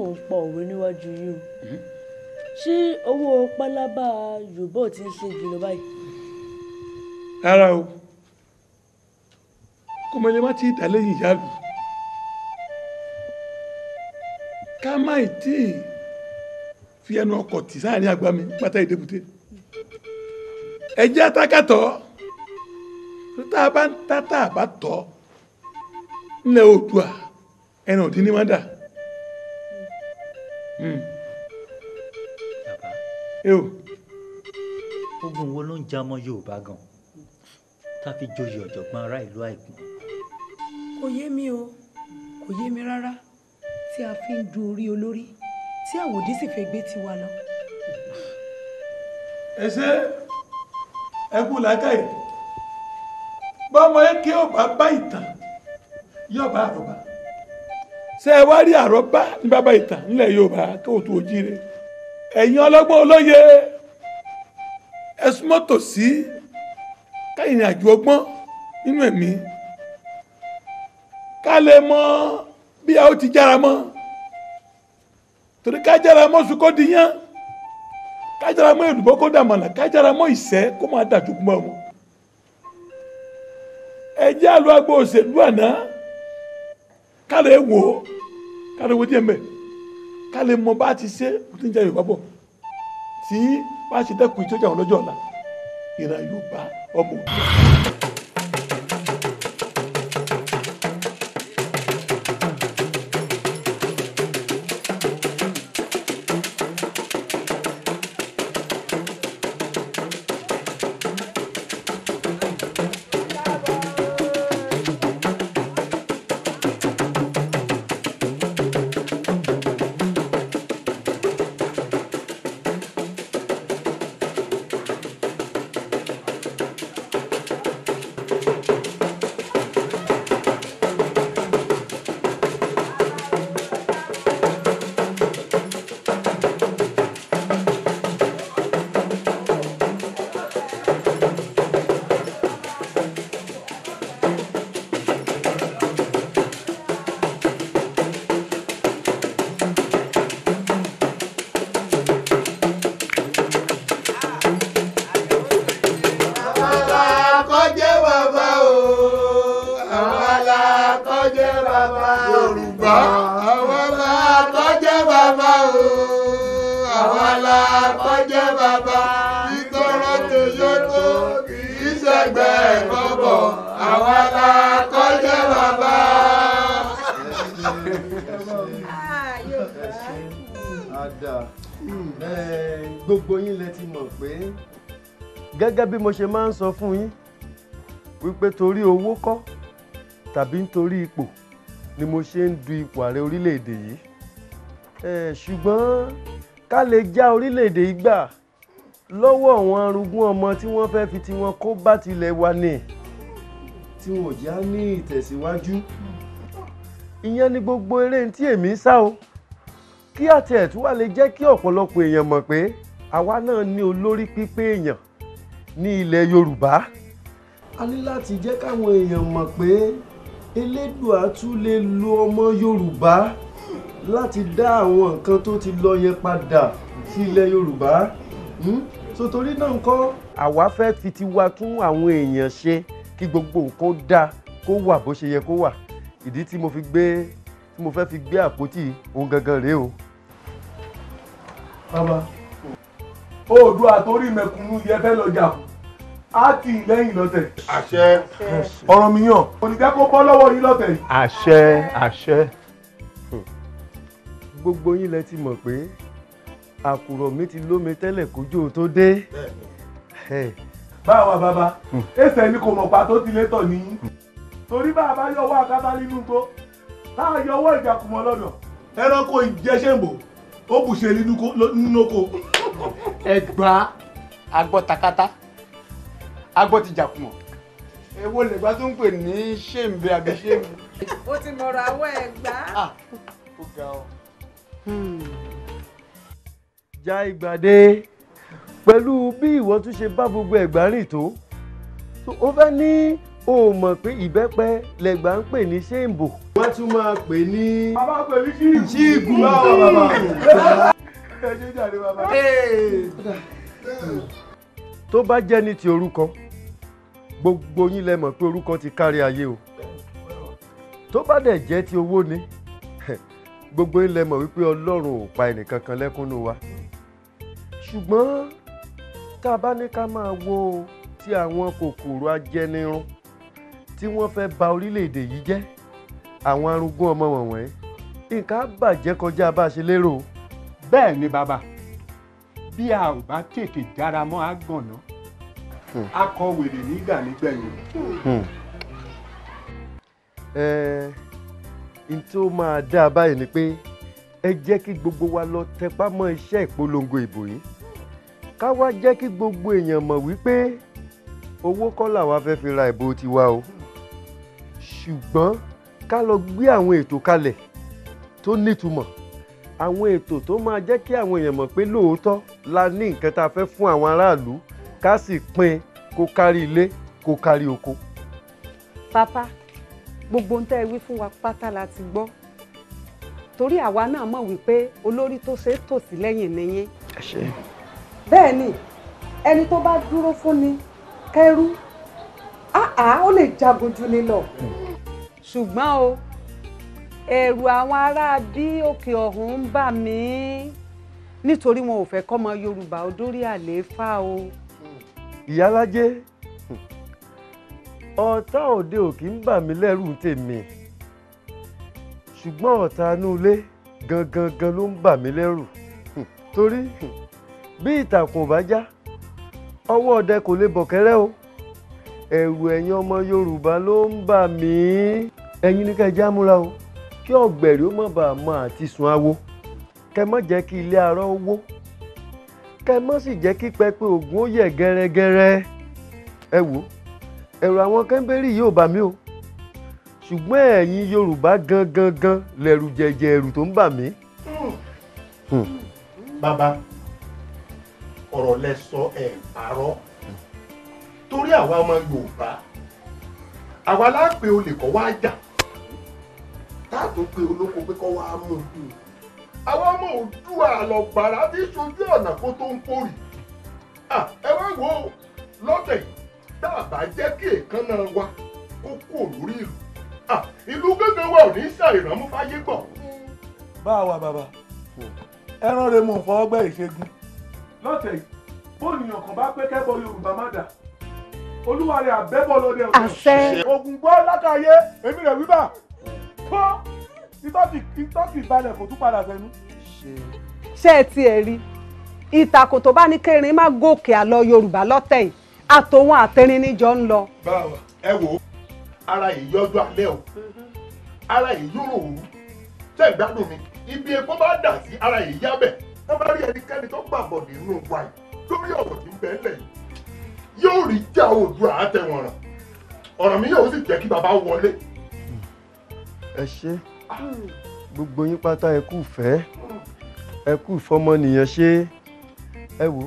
A: mò ń pọ òwe níwájú yìí o hmm? ṣé owó pálábá yorùbá ti ń ṣe jùlọ báyìí. rárá o kọ́mọdé má ti dà lẹ́yìn ìyá mi ká má tí ì fi ẹnu ọkọ̀ tì sáàrin àgbà mi pátá ìdébùté ẹjẹ́ atákàtọ̀ tó tá a bá ń tá tá a bá tọ̀ ọ́ ńlẹ̀ oòdùà ẹnu òdì ní má dà eo hmm. ogun wo ló ń ja ọmọ Yorùbá gan tá a fi joyè ọ̀jọ̀gbọ́n ará ìlú àìkú.
B: kò yé mi o kò yé mi rárá tí a fi ń du orí olórí tí àwòdì sì fẹ́ gbé tiwa lọ.
A: ẹ ṣe ẹ kú làákàyè bọ́mọ eke ọba bá ìtàn yọba àròbá ṣé ẹ wá rí àrọ́bá ní bàbá ìtàn nílẹ̀ yorùbá tó tó jíire ẹ̀yin ọlọ́gbọ́n olóye ẹ súnmọ́ tòsí káyìn àjò ọgbọ́n nínú ẹ̀mí ká lè mọ bí a ó ti jára mọ́ torí ká jára mọ́ sùn kó di yán ká jára mọ́ èdùbọ́ kó dà mọ̀nà ká jára mọ́ ìṣẹ́ kó máa dàjú kúmọ́ wọn ẹ jẹ́ àlọ́ àgbo òṣèlú àná ká lè wò ó ká lè wo díẹ̀ mẹ́ ká lè mọ bá a ti ṣe kó tí ń jẹ Yorùbá bọ̀ tí bá ṣe dẹ́kun ìtọ́jà ọlọ́jọ́ ọ̀la ìran Yorùbá ọmọ òkè. Eh, gbogbo yín lẹ ti mọ̀ pé gẹ́gẹ́ bí mo ṣe máa ń sọ fún yín wípé torí owó kọ́ tàbí nítorí ipò ni mo ṣe ń du ipò ààrẹ orílẹ̀-èdè yìí eh, ṣùgbọ́n ká lè já orílẹ̀-èdè yìí gbà lọ́wọ́ àwọn arúgbó ọmọ tí wọ́n fẹ́ fi tiwọn kó bá tilẹ̀ wa ni tí wọn já ní ìtẹ̀síwájú ìyẹn ni gbogbo eré tí èmi ń sá o kí àti ẹ̀ tún wà lè jẹ́ kí ọ̀pọ̀lọpọ̀ èèyàn mọ̀ pé àwa náà ní olórí pípé èèyàn ní ilẹ̀ Yorùbá a ní láti jẹ́ káwọn èèyàn mọ̀ pé Elédùà tún lè lo ọmọ Yorùbá láti dá àwọn nǹkan tó ti lọ yẹn padà sí ilẹ̀ Yorùbá hmm? sotori náà ń kọ́. àwa fẹ́ fi tiwa tún àwọn èèyàn ṣe kí gbogbo nǹkan dáa kó wà bó ṣe yẹ kó wà ìdí tí mo fi gbé tí mo fẹ́ fi gbé àpótí òun gangan rèé o. bàbá oòdùà torí mẹ̀kúnnù yẹ fẹ́ lọ jà fún á tì í lẹ́yìn lọ́tẹ̀. àṣẹ ọ̀rọ̀ mi yàn kò ní jẹ́ kó bọ́ lọ́wọ́ yín lọ́tẹ̀. àṣẹ àṣẹ. gbogbo yín lẹ ti mọ̀ pé àkùrọ̀ mi ti lómi tẹ́lẹ̀ kójú tó dé. báwa bàbá hmm. ẹsẹ̀ ni kò mọ̀ pàtó ti lé tọ̀ nìyí hmm. torí bá a yọ̀ wá àkábá nínú tó ká yọwọ́ ìjàkùmọ̀ lọ́nà ẹranko ìjẹsẹ̀mbò ó bùṣe nínú oko. ẹgbà agbọ́ takata agbọ́ ti jàkùmọ̀ Ewo lẹ̀gbá tó ń pè ní ṣèǹbẹ àbí ṣèǹbẹ.
B: ó ti mọ̀rọ̀ àwọ̀ ẹ̀gbá. Ah, ó ga ọ.
A: Hmm. já ìgbàdé pẹ̀lú bí ìwọ tún ṣe bá gbogbo ẹ̀gbá rìn tó ó fẹ́ ní o mọ̀ pé ìbẹ́pẹ lẹ́gbàá ń pè ní ṣéǹbò. wọ́n tún máa pè ní. bàbá pè ní ṣíìgù. ṣíìgù báwo bàbá. ẹ ṣe jáde bàbá. tó bá jẹ́ ní ti orúkọ gbogbo yín lẹ mọ̀ pé orúkọ ti kárí ayé o tó bá dẹ̀ jẹ́ ti owó ni gbogbo yín lẹ mọ̀ wípé ọlọ́run ò pa ẹnìkankan lẹ́kúnnú wa ṣùgbọ́n tá a bá ní ká máa wo ti àwọn kòkòrò ajẹnirun tí wọ́n fẹ́ ba orílẹ̀-èdè yìí jẹ́ àwọn arúgbó ọmọ wọ̀nyẹn nǹkan á bàjẹ́ kọjá bá a ṣe lérò. bẹ́ẹ̀ ni bàbá bí a ò bá tètè jára mọ́ àgànná hmm. akọ wèrè nígbà nígbẹ̀yìn. ẹ hmm. ẹ n tó máa dáa báyìí ni pé ẹ jẹ́ kí gbogbo wa lọ tẹpá mọ́ iṣẹ́ ìpolongo ìbò yìí ká wá jẹ́ kí gbogbo èèyàn mọ̀ wípé owó kọ́ làwa fẹ́ fi ra ìbò tiwa o. Hmm ṣùgbọ́n ká lọ gbé àwọn ètò kalẹ̀ tó nítumọ̀ àwọn ètò tó máa jẹ́ kí àwọn èèyàn mọ̀ pé lóòótọ́ la ní nǹkan tá a fẹ́ fún àwọn aráàlú ká sì pín kó kárí ilé kó kárí oko.
B: papa gbogbo ń tẹ́ ẹ wí fún wa pátá la ti gbọ́ torí àwa náà mọ̀ wípé olórí tó ṣe é tòsí lẹ́yìn nìyẹn. bẹ́ẹ̀ ni ẹni tó bá dúró fún ni kẹ́rú àá ah, ah, ó lè jagun jù ṣùgbọ́n o ẹ̀rù àwọn ará bí òkè ọ̀hún ń bà mí nítorí wọn ò fẹ́ kọ́mọ Yorùbá ó àlééfà o.
A: ìyálájé ọ̀tá òde òkì ń bà mí lẹ́rù tèmi ṣùgbọ́n ọ̀tá anúlé gangan gan ló ń bà mí lẹ́rù torí bí ìtàkùn ò bá já ọwọ́ ọdẹ kò lè bọ̀ bọ̀kẹ́rẹ́ o. ẹ̀rù ẹ̀yin ọmọ Yorùbá ló ń bà mí ẹ̀yin ní ká ẹ já múra o kí ọ̀gbẹ̀rì ó má bàa mọ àti sun awo kẹ má jẹ́ kí ilé arọ́ wó kẹ má sì jẹ́ kí pẹpẹ ògùn ó yẹ̀ gẹ́rẹ́gẹ́rẹ́ ẹ wò ẹ̀rù àwọn kẹ́ńbẹ́rì yìí ò bà mí o ṣùgbọ́n ẹ̀yin Yorùbá gangan gan lẹ̀rù jẹjẹ ẹ̀rù tó ń bà mí. Hmm. Hmm. bàbá ọ̀rọ̀ lẹ sọ ẹ̀ parọ́ torí àwa ọmọ Yorùbá àwa lápè olè kọ́ wá jà táàtò pé olóko pé kọ́ wá mú un àwọn ọmọ Oòduà àlọ́gbàrá ti ṣojú ọ̀nà kó tó ń pòrì ẹ wá wò ó lọ́tẹ̀ yìí tá a bá jẹ́ kí èékánná wa kó kú lórí ìlú ìlú gángan wa ní ṣàìrànmú fáyé gbọ̀. bá a wà bàbá ẹran rẹ mò ń fọwọ́ gbẹ́ ìṣègùn lọ́tẹ̀ yìí bóòlù yàn kàn bá pé kẹ́bọ Yorùbá má dà olúwa rẹ̀ àbẹ́bọ̀ lọ́dẹ ọ̀dọ́. àṣẹ. ogun gbọ́ látàyé èmi rẹ̀ wíwà kọ́ ìtọ́kì ìbalẹ̀ kò tún padà sẹ́nu.
B: ṣé ẹ tiẹ̀ rí ìtàkùn tó bá ní kẹrin má gòkè àlọ yorùbá lọ́tẹ̀ yìí àtòun àtẹrin níjọ ń lọ. báwo ẹ wò ó ara yìí yọjú
A: alẹ́ o ara yìí yúrò òun tẹ́ ìgbádùn mi ibi epo bá dà sí ara yìí yábẹ̀ ẹ bá rí ẹnikẹ́ni tó gbàbọ̀dé nínú wa yìí lórí ọ̀rọ̀ tí bẹ́ẹ̀ lẹ̀ yóò rí já Oòduà àtẹ̀wọ̀nràn ọ̀ràn mi yóò sì jẹ́ kí bàbá wọlé. ẹ ṣe gbogbo yín pátá ẹ kú fẹ́ ẹ kú ìfọmọnìyàn ṣe ẹ wò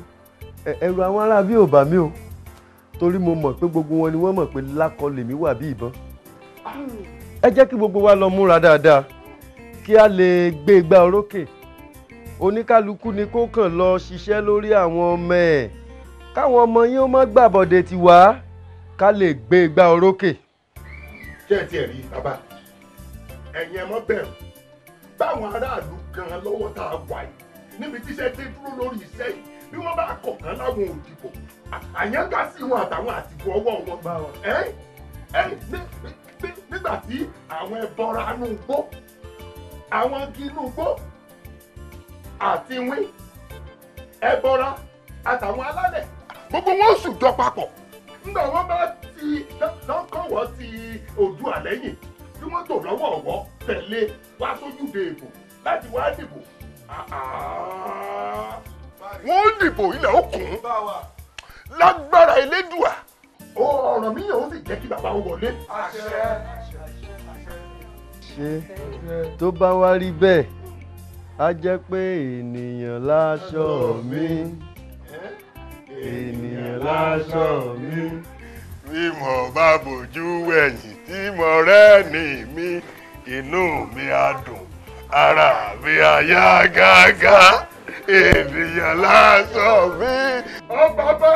A: ẹrù àwọn ará bí ò bá mi o torí mo mọ̀ pé gbogbo wọn ni wọ́n mọ̀ pé lákọ lèmi wà bí ìbọn ẹ jẹ́ kí gbogbo wa lọ múra dáadáa kí a lè gbé igbá orókè oníkálukú ni kó kàn lọ ṣiṣẹ́ lórí àwọn ọmọ ẹ̀ káwọn ọmọ yín ó mọ́ gbàbọ̀dé ti wá ká lè gbé igbá e orókè. ṣé ẹ tiẹ̀ rí bàbá ẹ̀yin ẹ mọ́ bẹ̀rù báwọn aráàlú gan lọ́wọ́ tá a wà yìí níbi tíṣẹ́ dé dúró lórí iṣẹ́ yìí bí wọ́n bá kọ̀ọ̀kan láwọn òdìbò àyànká sí wọn àtàwọn àtìkù ọwọ́ wọn nígbà tí àwọn ẹbọra inú igbó àwọn igi inú igbó àti wín ẹbọra àtàwọn alálẹ̀ gbogbo wọn sùn jọ papọ̀ nígbà wọn bá ti lọ́kọ̀wọ́ ti ojú àlẹ́yìn tí wọ́n tò lọ́wọ́ ọ̀wọ́ tẹ̀lé wá sójúde ìbò láti wá dìbò. wọ́n dìbò ilẹ̀ òkun lágbára elédùà ọ̀ràn mi yẹn ó sì jẹ́ kí bàbá wọlé. ṣé tó bá wá rí bẹ́ẹ̀ á jẹ́ pé ènìyàn láṣọ mi. Okay ènìyàn láṣọ mi. bí mo bá bójú wẹ̀yìn tí mo rẹ́ni mi inú mi á dùn ara mi á yá gágá ènìyàn láṣọ mi. ọ bàbá.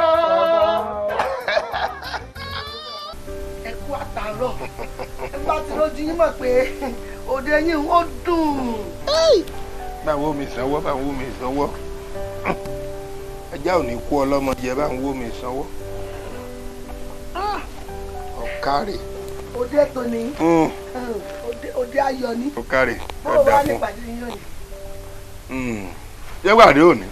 A: ẹ kú àtàrọ ẹ bá ti lójú yín mọ̀ pé òde yín ó dùn. báwo mi sanwó báwo mi sanwó ajá ò ní kú ọlọ́mọ jẹ bá ń wó mi sanwó ah! ọ̀kárè. òde tó ní òde hmm. ayọ̀ ní. ọ̀kárè ọ̀dà fún yẹ́gbàdé òní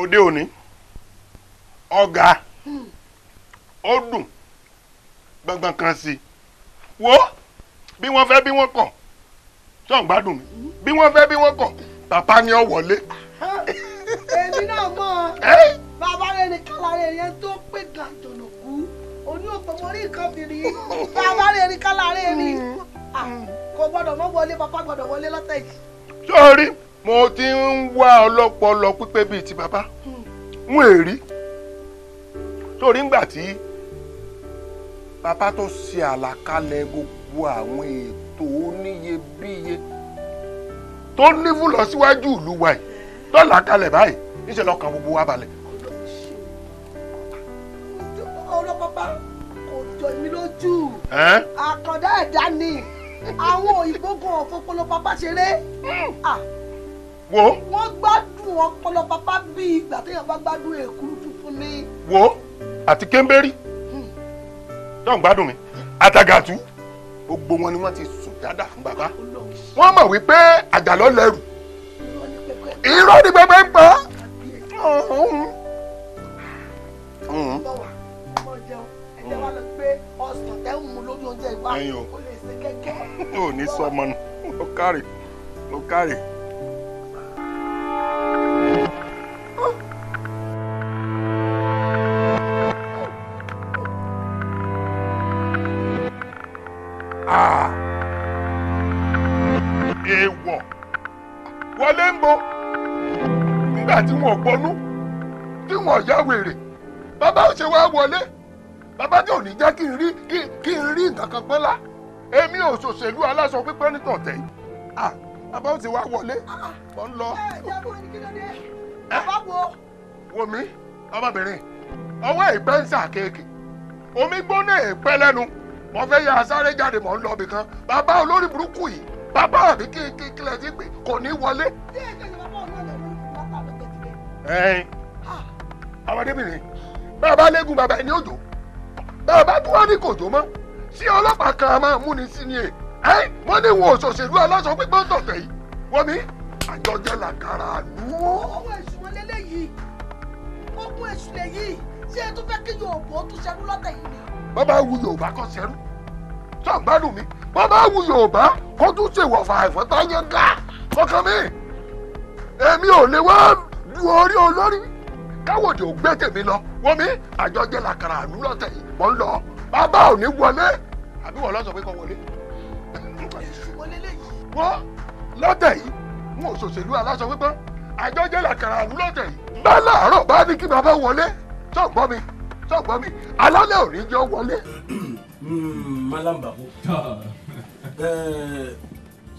A: òde òní ọ̀gá hmm. ó dùn gbọ̀ngbọ̀n kan sí wo bí wọ́n fẹ́ bí wọ́n kọ̀ ṣọ́ọ̀gbádùn mi hmm. bí wọ́n fẹ́ bí wọ́n kọ̀ bàbá ni ọ wọlé.
B: èmi náà mọ̀ ọ́ bàbá rẹ̀ ní kálárẹ̀ yẹn tó pé gàdùnú kú oní òpópó rí nǹkan fìrí bàbá rẹ̀ ní kálárẹ̀ ni kò gbọ́dọ̀ mọ́ wọlé bàbá gbọ́dọ̀ wọlé lọ́tẹ̀ yìí.
A: sọ́ọ́rí mo ti ń wá ọlọ́pọlọ pípé bíi ti bàbá ń èrí sórí ńgbà tí bàbá tó ṣe àlàkalẹ̀ gbogbo àwọn ètò oníyebíye tó nífù lọ síwájú ìlú wa yìí dọ́là kalẹ̀ báyìí níṣẹ́ lọ́kàn gbogbo wa balẹ̀.
B: ọ̀rọ̀ bàbá kò jọ mí lójú àkàndá ẹ̀dá ni àwọn òyìnbó gan ọ̀pọ̀pọ̀lọ bàbá ṣeré. wo. wọ́n gbádùn ọpọlọ bàbá bíi ìgbà téèyàn bá gbádùn èkúrú funfun ni.
A: wo àti kéńbérì dọ́n hmm. gbádùn mi àtàgàtú gbogbo wọn ni wọ́n ti sùn dáadáa fún bàbá wọ́n mọ̀ wípé àjàlọ́ lẹ́rù irọ́ ni pẹpẹ ń pa. ẹyin o ò ní sọ ọmọ nù ó kárì ó kárì. jáwèrè bàbá ò ṣe wá wọlé bàbá tí ò ní jẹ́ kí n rí kí n rí nǹkan kan pẹ́lá èmi ò ṣòṣèlú aláṣọ pípẹ́ nítọ̀tẹ̀ ah bàbá ò ṣe wá wọlé ọ̀ ń lọ. ẹ jábọ̀ ní kí ló dé bàbá wo. wo mi ọmọbìnrin ọwọ́ ìbẹ́ńsà kéèkì omi gbóná èèpẹ́ lẹ́nu mo fẹ́ yà sáré jáde mọ̀ ń lọ bìkan bàbá olórí burúkú yìí bàbá àbí kí kí kílẹ̀ sí pé kò ní wọlé. bí ẹ̀jẹ̀ ni bàbá olórí burúkú bàbá àbẹ̀tẹ̀ ti dé ọmọdébìnrin bẹ́ẹ̀ bá lẹ́gùn bàbá ẹni òjò bẹ́ẹ̀ bá tún wá ní kòjó mọ́ sí ọlọ́pàá kan a máa mú ni sí ni è ẹ́ wọ́n ní wọn òṣòṣèlú aláṣọ pípọ́n tọ̀tẹ̀ yìí wọ́n mi àjọjẹ́ làkàrà
B: lù ú. ọwọ́ èṣù wọn lélẹ́yìí ogun èṣù lèyìí ṣé ẹ tún fẹ́ kí Yorùbá ó tún ṣerú lọ́tẹ̀ yìí ni.
A: wọ́n bá wu Yorùbá kọ́ ṣerú sọ̀gbádùn mi wọ́n bá wu Yorùbá kó tún ṣèwọ̀fà àìfọ́tá yẹn ká fọkàn mi èmi ò lè wá du orí olórí káwọ̀dì ò gbé tèmi lọ wọ́n mi àjọjẹ́ làkàrà àánú lọ́tẹ̀ yìí mò ń lọ bàbá ò ní wọlé àbí wọ́n lọ́sọ̀ pé kọ́ wọlé. wọ́n lọ́tẹ̀ yìí n ò ṣòṣèlú aláṣọ pípọ́n àjọjẹ́ làkàrà àánú lọ́tẹ̀ yìí. bá láàárọ̀ bá ní kí bàbá wọlé sọ̀gbọ́n mi sọ̀gbọ́n mi alálẹ̀ ò ní jọ wọlé. Hmm, malam babu <laughs> eh,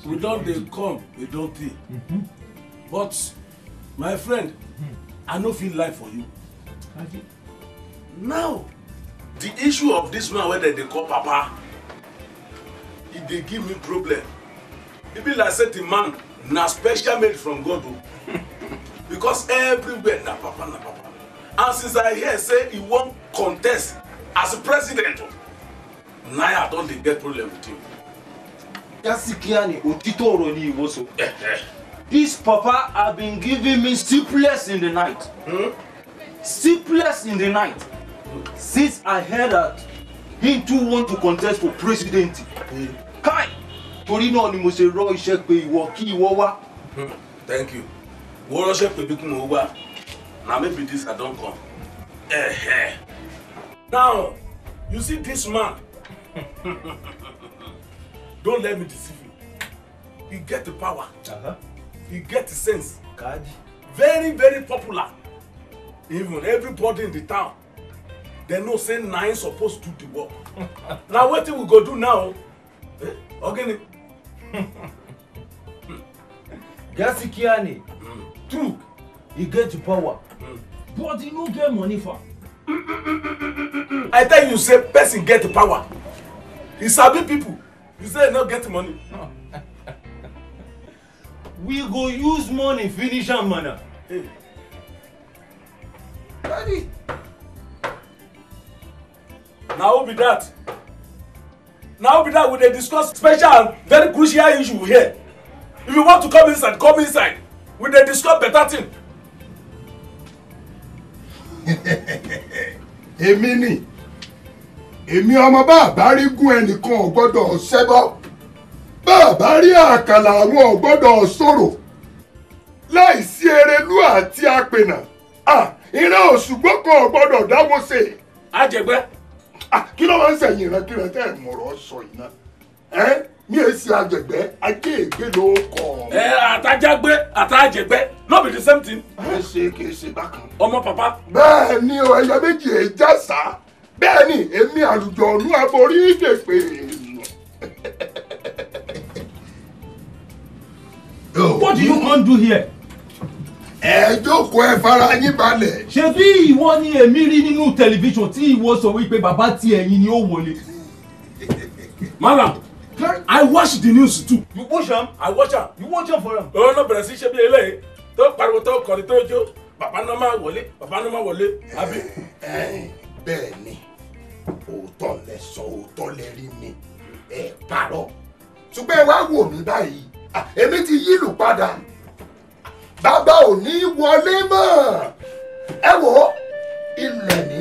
A: we don dey come we don pay mm-hmm. but my friend. Mm -hmm i no fit lie for you now the issue of this man wey dem dey call papa e dey give me problem e be like say the man na special made from god o <laughs> because everywhere na papa na papa and since i hear say he wan contest as president na i don dey get problem with him. yasikiya ni òtítọ́ ọ̀rọ̀ ni ìwọ <laughs> This papa have been giving me sleepless in the night. Hmm? Sleepless in the night. Since I heard that he too want to contest for president.
C: Hmm. Kai!
A: Torí náà ni mo ṣe rọ iṣẹ́ pé ìwọ kí ìwọ wá. Hmm, thank you. Wọ́n ránṣẹ́ pé bí kún mo wá. Na maybe this I don come. Eh, eh. Now, you see this man. <laughs> Don't let me deceive you. He get the power. Uh -huh he get sense Kaji. very very popular even everybody in the town they know say na him suppose do the work <laughs> Now wetin we go do now eh ogini. gaskiya ne true he get the power mm. but he no get money for i tell you say person get the power he sabi people you say e no get money. No we go use money finish am mana. Hey. Daddy. na who be that na who be that we dey discuss special and very crucial issue here if you want to come inside come inside we dey discuss better thing. <laughs> èmi ni èmi ọmọ bá àbárí gún ẹnìkan ò gbọ́dọ̀ ṣẹbọ bàbá rí àkàlà àwọn ọ̀gbọ́dọ̀ sọ̀rọ̀ láìsí erelú àti apènà ìran òṣùgbọ́n kan ọ̀gbọ́dọ̀ dáwọ́ ṣe. àjẹgbẹ́. kí ló máa ń sẹ̀yìn ìrankíran tẹ́ ẹ̀ mọ̀rọ̀ sọ iná ní èsì àjẹgbẹ́ ajé ègbé ló kọ̀. ẹ àtàjàgbé àtàjẹgbẹ́ no be the same thing. ẹ ṣe kì í ṣe bákan. ọmọ pàpá. bẹ́ẹ̀ ni ẹyọ méjì èjàsà bẹ́ẹ̀ ni èmi àlùjọ ọ̀nù aborí ìdèpè. what do you do here? ẹ jókòó ẹ fara yín balẹ̀. ṣé bí ìwọ ni èmi rí nínú tẹlifíṣàn tí ìwọ sọ wípé bàbá tí ẹ̀yin ni ó wọlé. <laughs> madam i watch the news too. you watch am i watch am you watch am for am. ọ̀rọ̀ oh, náà bẹ̀rẹ̀ sí ṣe bí eléyìí tó pariwo tó kọrin tó jó bàbá náà máa wọlé bàbá náà máa wọlé àbí. bẹ́ẹ̀ ni òótọ́ lẹ sọ òótọ́ lẹ rí mi ẹ̀ parọ́ ṣùgbọ́n ẹ wá wò mí báyìí Ah, èmi ti yílù padà bàbá ò ní wọlé mọ́ ẹ wò ó ilẹ̀ ní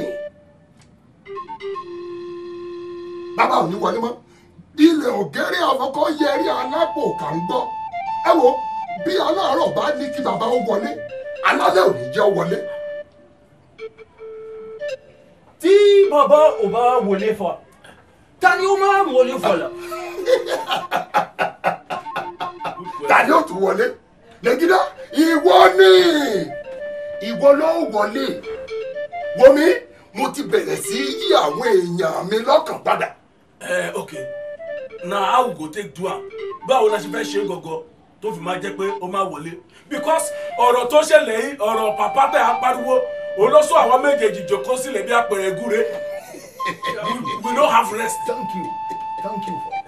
A: bàbá ò ní wọlé mọ́ ilẹ̀ ògẹ́rẹ́ àfọkọ́ yẹrí alápò kà ń gbọ́ ẹ wò ó bí aláàárọ̀ bá ní kí bàbá ó wọlé alálẹ̀ ò ní jẹ́ wọlé. tí bàbá ò bá wọlé fọ ta ni ó máa wọlé fọ lọ. <laughs> tàbí òtún wọlé lẹ́gídá ìwọ ni ìwọ ló wọlé wọmi mo ti bẹ̀rẹ̀ sí yí àwọn èèyàn mi lọ́kàn padà. ẹ ok na how we go take do am báwo la ṣe fẹ́ ṣe gọ́gọ́ tó fi máa jẹ́ pé ó máa wọlé because ọ̀rọ̀ tó ṣẹlẹ̀ yìí ọ̀rọ̀ pàpà tẹ̀ á pariwo olóṣù àwọn méjèèjì jókòó sílẹ̀ bí apẹ̀rẹ̀ gúre <laughs> we no have rest. thank you thank you for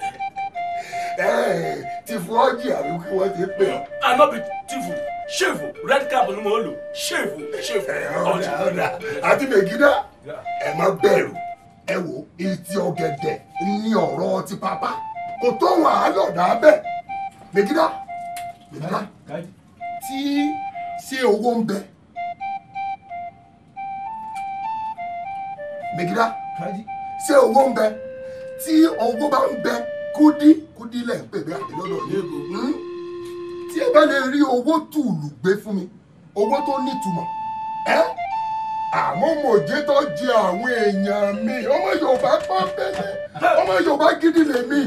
A: tìfù ọjì àbí kí wọ́n ti pè ọ́. ànábì tìfù ṣèfù red cap ni mo lò ṣèfù ṣèfù ọjì. àti mègídà ẹ má bẹ̀rù ẹ wo etí ọ̀gẹ̀dẹ̀ ní ọ̀rọ̀ ti pápá kò tó wọn àádọ́dà bẹ́ẹ̀ mègídà mègídà tí ṣé owó ń bẹ. mègídà ṣé owó ń bẹ tí owó bá ń bẹ kúdí kúdí lẹ̀ ń pè bí àti lọ́dọ̀ yìí hmm? tí ẹ bá lè rí owó tùlù gbé fún mi owó tó nítumọ̀ ẹ àmọ́ mòjé tó jẹ àwọn èèyàn mi ọmọ Yorùbá pọ́npẹ́lẹ́ ọmọ Yorùbá gidi lèmi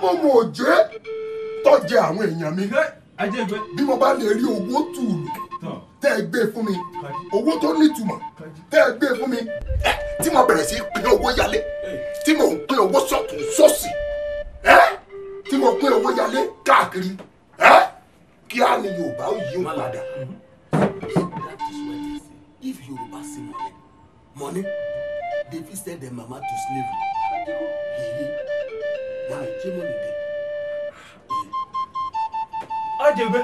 A: mo mòjé tó jẹ àwọn èèyàn mi bí mo bá lè rí owó tùlù tẹ́ ẹ gbé fún mi owó tó nítumọ̀ tẹ́ ẹ gbé fún mi tí mo bẹ̀rẹ̀ sí pín owó yálé tí mo ń pín owó sọ̀tún sọ́sì tí mo pín owó yálé káàkiri kí á ní Yorùbá ó yí òun padà. if Yorùbá see money money dey fit sell their mama to slavery hehe na ajé money dey. ajẹgbẹ.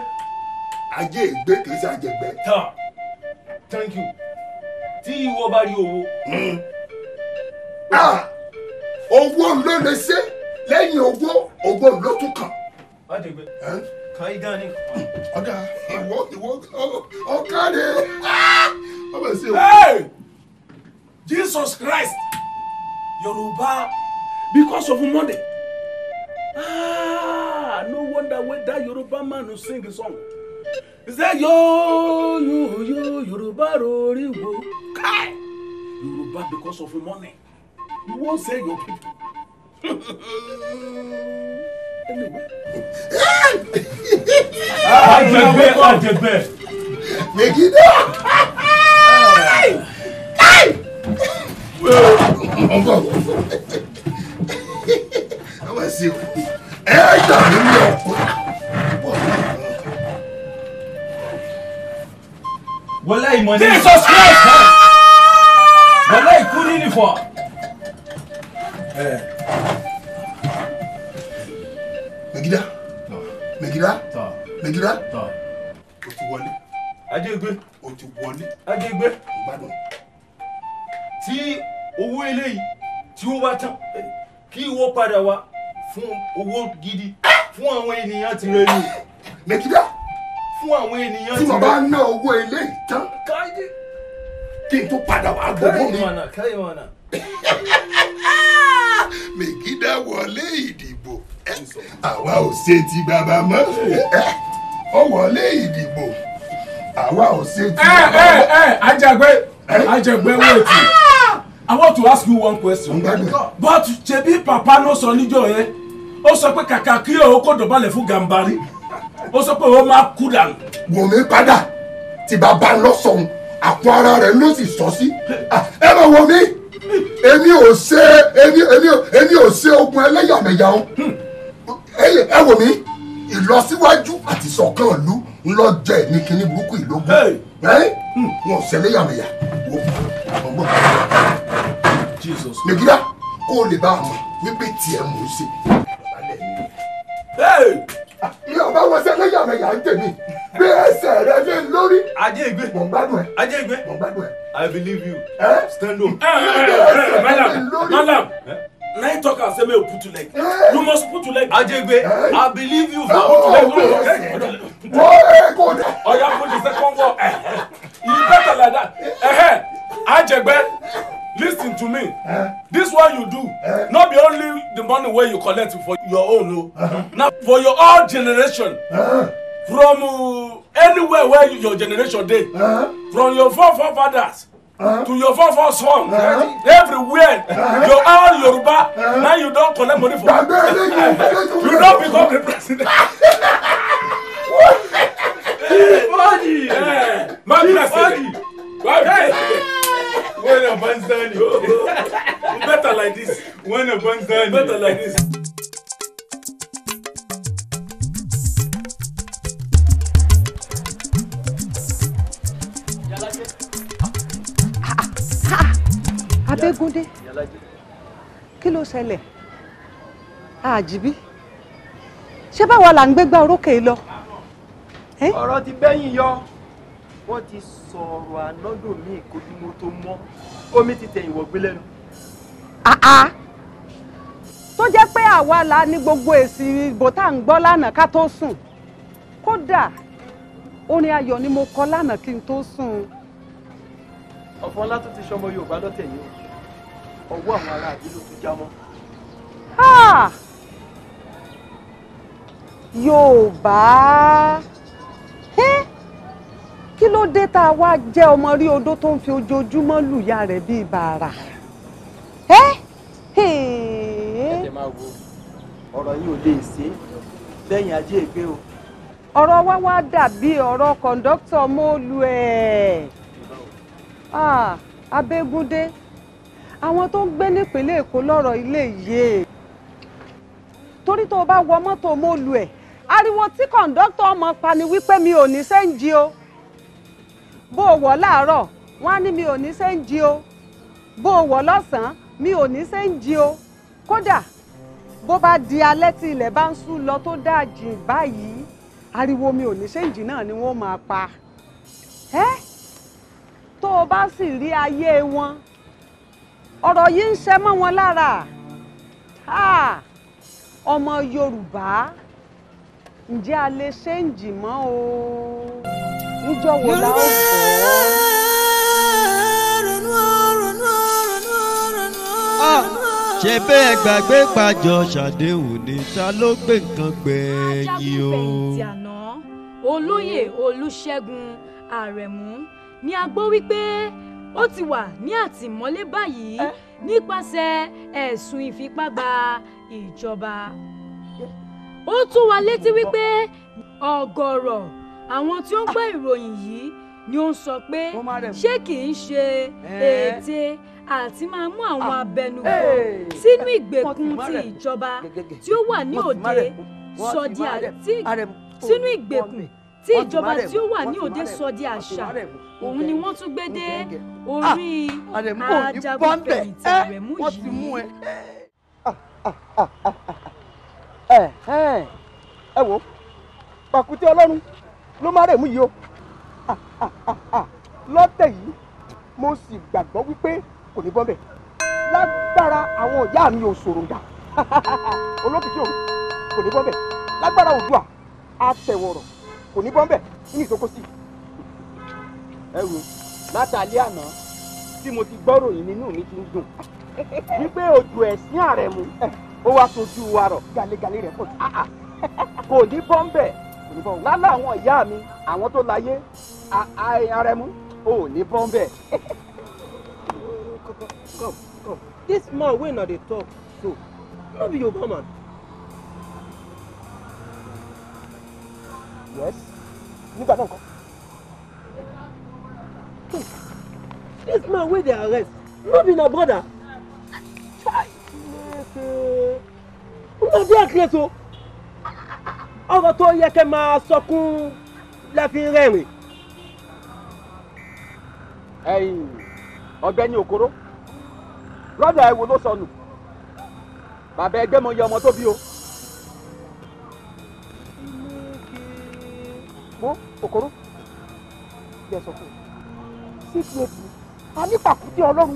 A: ajé ègbé kì í ṣe ajẹgbẹ. tán thank you tí ìwọ bá rí owó. Hmm. Ah! owó ló lè ṣe lẹ́yìn ogbó ogbó ló tún kàn. kàn í gan ni. ọ̀gá ìwọ ìwọ ọ̀kadì ọmọ sí o. Jesus Christ Yorùbá because of money. Ah, no wonder when that Yoruba man who sing the song. is that yo, yo, yo, Yoruba rori wo. Kai! Yoruba because of money. You won't say your people àjẹgbẹ́ àjẹgbẹ́. megide. ọmọ sí o ẹ gbà mí lọ. wọlé ìmọ̀ ní. Jesus Christ. wọlé ìkú ní nìfọ̀. Eh. mẹgida mẹgida mẹgida o ti wọlé adégbé o ti wọlé adégbé gbádùn. tí owó eléyìí tí ó wá tán kí ìwọ padà wá fún owó gidi fún àwọn ènìyàn ti rẹ ni. mẹgida fún àwọn ènìyàn ti rẹ. tí mo bá ná owó eléyìí tán kí n tó padà wá gbogbo mi. káyọ̀ ọ̀nà káyọ̀ ọ̀nà. <laughs> mègídà wọlé ìdìbò àwa ò ṣe ti bàbá mọ́ ọ wọlé ìdìbò àwa ò ṣe ti eh, bàbá mọ́. ẹ ẹ ajagbe ajagbe wait i want to ask you one question but ṣebí papa no sọ níjọ́ yẹn ó sọ pé kàkà kí o kò dọ̀bálẹ̀ fún Gàmbàrí ó sọ pé o máa kú dànù. wò mí padà tí bàbá lọ sọ̀hún àpò ara rẹ̀ ló sì sọ sí ah, ẹ bá wò mí èmi ò ṣe èmi èmi èmi ò ṣe ogun ẹlẹ́yàmẹ̀yà o ẹ wò mí ìlọsíwájú àti ìṣọ̀kan ìlú ńlọ jẹ ní kíní burúkú ìlógún wọn ò ṣẹlẹ́yàmẹ̀yà wò ó gbọ́ nìgídà kó o lè bá a mọ̀ wípé tiẹ̀ mò ń ṣe ìyá ọba wọn ṣe ẹlẹ́yàmẹ̀yà ń tèmi bí ẹsẹ̀ rẹ lé lórí. ajé ìgbé mọ̀ ń gbádùn ẹ̀. ajé ìgbé mọ̀ ń gbádùn ẹ̀. I believe you. Eh? Stand up. Eh, eh, eh, madam, madam. Eh? Now you talk and say, may you put your leg. You must put your leg. Ajegbe, eh? I believe you. Oh, put your leg. No, no, no. Oh, go there. Oh, you the second one. Eh, eh. You better like that. Eh, eh. Ajegbe listen to me eh? this one you do eh? no be only the money wey you collect for your own o uh -huh. na for your old generation uh eh? -huh. from uh, anywhere where your generation dey eh? uh -huh. from your forefathers Uh-huh. to your four four son uh-huh. everywhere uh-huh. your old Yoruba uh-huh. now you don collect money for <laughs> you don become the <laughs> president. Hey, my president my president. Wannan banza ne. Better like this. Wannan banza ne. Better like this.
B: Abégúndé, kí ló ṣẹlẹ̀? Àjìbí, ṣé báwa là ń gbégbá orókè lọ?
A: ọ̀rọ̀ ti bẹ́yìn yọ wọ́n ti sọ ọ̀rọ̀ anọ́dọ̀ mi mo tó mọ omi ti tẹ̀yìn wọ̀gbé lẹ́nu. Ah, ah.
B: tó jẹ pé àwa la ní gbogbo èsì ìbò tá à ń gbọ́ lánàá ká tó sùn kódà orin ayọ̀ ni mo kọ lánàá kí n tó sùn.
A: ọ̀fọ̀n ńlá tó ti ṣọmọ Yorùbá lọ́tẹ̀ yìí o ọwọ́ àwọn ará àbí tó
B: já mọ́. Yorùbá. kí ló dé tá a wá jẹ́ ọmọ rí odó tó ń fi ojoojúmọ́ lùyà rẹ̀ bíi bàrà. ẹ ẹ
A: ẹ máa wo ọ̀rọ̀ yìí ò lè ṣe lẹ́yìn ajé ìgbé
B: o. ọ̀rọ̀ wa wá dàbí ọ̀rọ̀ kọ̀ǹdọ́tọ̀ mọ́ọ̀lù ẹ̀ abégúndé àwọn tó ń gbé nípínlẹ̀ èkó lọ́rọ̀ ilé yìí torí tó o bá wọ mọ́tò mọ́ọ̀lù ẹ̀ ariwo tí kọ̀ǹdọ́tọ̀ ọmọ pa ni wípé mi ò ní sẹ́ǹjì o. bó o wọ̀ láàárọ̀ wọ́n á ní mi ò ní sẹ́ńjì o bó o wọ̀ lọ́sàn-án mi ò ní sẹ́ńjì o kódà bó bá di alẹ́ tí ilẹ̀ bá ń sùn lọ tó dáàjì báyìí ariwo mi ò ní sẹ́ńjì náà ni wọ́n máa pa ẹ́ tó o bá sì rí ayé wọn ọ̀rọ̀ yìí ń ṣe mọ́ wọn lára ọmọ Yorùbá ǹjẹ́ a lè ṣéǹjì mọ́ o. níjọ wo la ó bọ̀ ọ́.
A: ṣe bẹ́ẹ̀ gbàgbé pàjọ ṣàdéhùn ni ta ló gbé nǹkan gbẹ̀yìn o. ajagunfẹ̀yìntì àná olóyè olùṣègùn àrẹ̀mú ni a gbọ́
B: wípé ó ti wà ní àtìmọ́lé báyìí eh? nípasẹ̀ ẹ̀sùn ìfipágba ìjọba ó tún wá létí wípé ọ̀gọ̀rọ̀ àwọn tí ó ń gbé ìròyìn yìí ni ó ń sọ pé
A: ṣé kì í ṣe ète àti máa mú àwọn ah. abẹnugan sínú ìgbèkùn ti ìjọba tí ó wà ní òde sọdí àti sínú ìgbèkùn tí ìjọba tí ó wà ní òde sọdí àṣà òun ni wọ́n tún gbé dé
B: orí ajagunfẹ̀yìntì
A: ah, rẹ̀ mú yìí. ẹ wo pàkúté ọlọ́run ló má rẹ̀ mú yìí o lọ́tẹ̀ yìí mo sì gbàgbọ́ wípé kò ní bọ́m̀bẹ̀ lágbára àwọn ìyá mi ò sòròǹdà <laughs> olókìkí òun kò ní bọ́m̀bẹ̀ lágbára òdua àtẹ̀wọ̀rọ̀ kò ní bọ́m̀bẹ̀ ní ìsokosí. ẹ wo látàlí àná tí mo ti gbọ́rò yìí nínú mi ti ń dùn
C: <laughs> wípé
A: ojú ẹ̀sìn àrẹ̀mú ó wá sojú wa rọ̀ galegale rẹ̀ pọ̀ sí. Ah, ah. kò ní bọ́m̀bẹ̀ ní bọ́ àwọn ìyá mi àwọn tó láyé arẹmú ò ní bọ́ this man wey una dey talk so no be yoruba man. yes nígbà náà kọ́. this man wey dey arrest no be na brother.
C: Eh.
A: una dey at least o. Oh ọ̀rọ̀ tó yẹ kẹ́ máa sọkún lẹ́fi rẹ́rìn. ẹ̀yin ọ̀gbẹ́ni òkoro lọ́dọ̀ ẹ̀wò ló sọnù bàbá ẹgbẹ́ mọ iye ọmọ tó bí o. mo òkoro bí ẹ sọ fún mi cpap a ní pàkúté ọlọ́run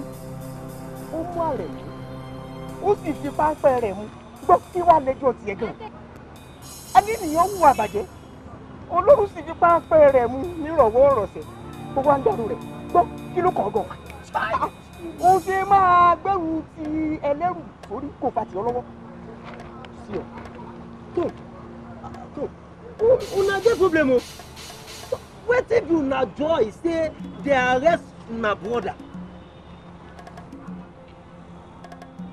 A: ó mú àrẹ̀ yìí ó sì fi páńpẹ́ rẹ̀ mu gbọ́ kí wàá lẹ́jọ́ tiẹ̀ gan alẹ́nìyàn wù àbàjẹ́ olóhùn sì fi páńpẹ́ rẹ̀ mu nírọ̀wọ́ ọ̀rọ̀sẹ̀ tó wá ń dẹrù rẹ̀ gbọ́ kí ló kàn gan.
B: o ṣe máa gbẹ́rù ti ẹlẹ́rù
A: orí kò bá tiọ́ lọ́wọ́ sí ọ. tó tó una get problem o wetin be una joy say dey arrest una brother.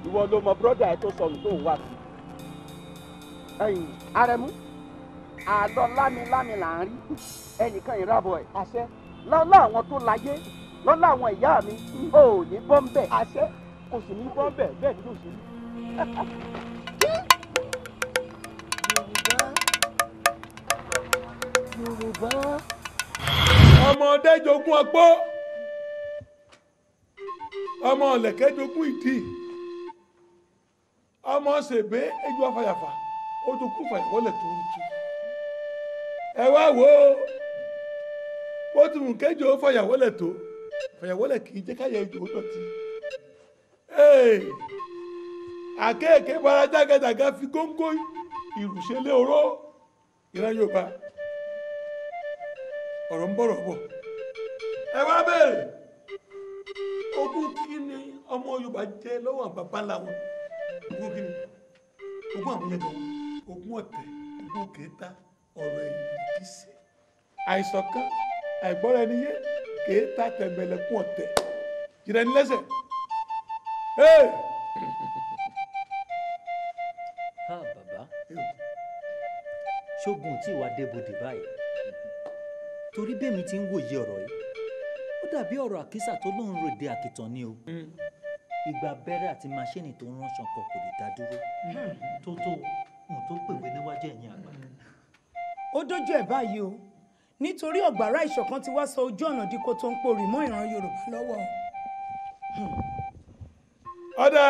A: ìwọ ló mọ brother ẹ tó sọnù tó ń wá sí ẹ̀yìn arẹmú àlọ lámilámi là ń rí ẹnìkan ìrabọ ẹ àṣẹ lọlá àwọn tó láyé lọlá àwọn ìyá mi ò ní bọ́ ń bẹ̀ àṣẹ kò sì ní bọ́ ń bẹ̀ bẹ́ẹ̀ ni yóò ṣe Yorùbá ọmọdé jogún ọgbó ọmọ ọlẹ̀kẹ́ jogún ìdí ọmọ ṣègbè ejò afàyàfà ó tún kún tó ń tu ẹ wá wo ó tún mú kéjọ fọyàwọ́lẹ̀ tó fọyàwọ́lẹ̀ kì í jẹ́ káyà ìjò ó dọ̀tí àkéèké bára jágàjàgà fi góńgó ìrùsẹ́lẹ̀ oró ìran Yorùbá ọ̀rọ̀ ń bọ̀rọ̀ bọ̀ ẹ wá bẹ́ẹ̀ ogún kí ni ọmọ Yorùbá jẹ lọ́wọ́ bàbá làwọn ogún kí ni ogún àwọn yẹn ogún ọ̀tẹ̀ ogún kẹta ọ̀rọ̀ ẹ̀yìn kìí ṣe àìsàn kan àìgbọ́ra ẹni yé kẹta tẹ̀m̀bẹ̀lẹ̀kún ọ̀tẹ̀ jìnnà ní lẹ́sẹ̀. ha bàbá ṣógun tí ìwà débòdè báyìí torí bẹ́ẹ̀ mi ti ń wòye ọ̀rọ̀ yìí ó dàbí ọ̀rọ̀ àkísà tó ló ń ròde àkìtàn ni o hmm. ìgbà abẹ́rẹ́ àti maṣíìnì tó ń ránṣan kan kò lè dá dúró hmm. tó tó wọn tó pèwé níwájú ẹ̀yìn àgbà. ó dójú ẹ̀ báyìí o nítorí ọ̀gbàrá ìṣọ̀kan ti wá sọ ojú ọ̀nà di kó tó ń porì mọ́ ìran yorùbá lọ́wọ́. Hmm. ọ̀dà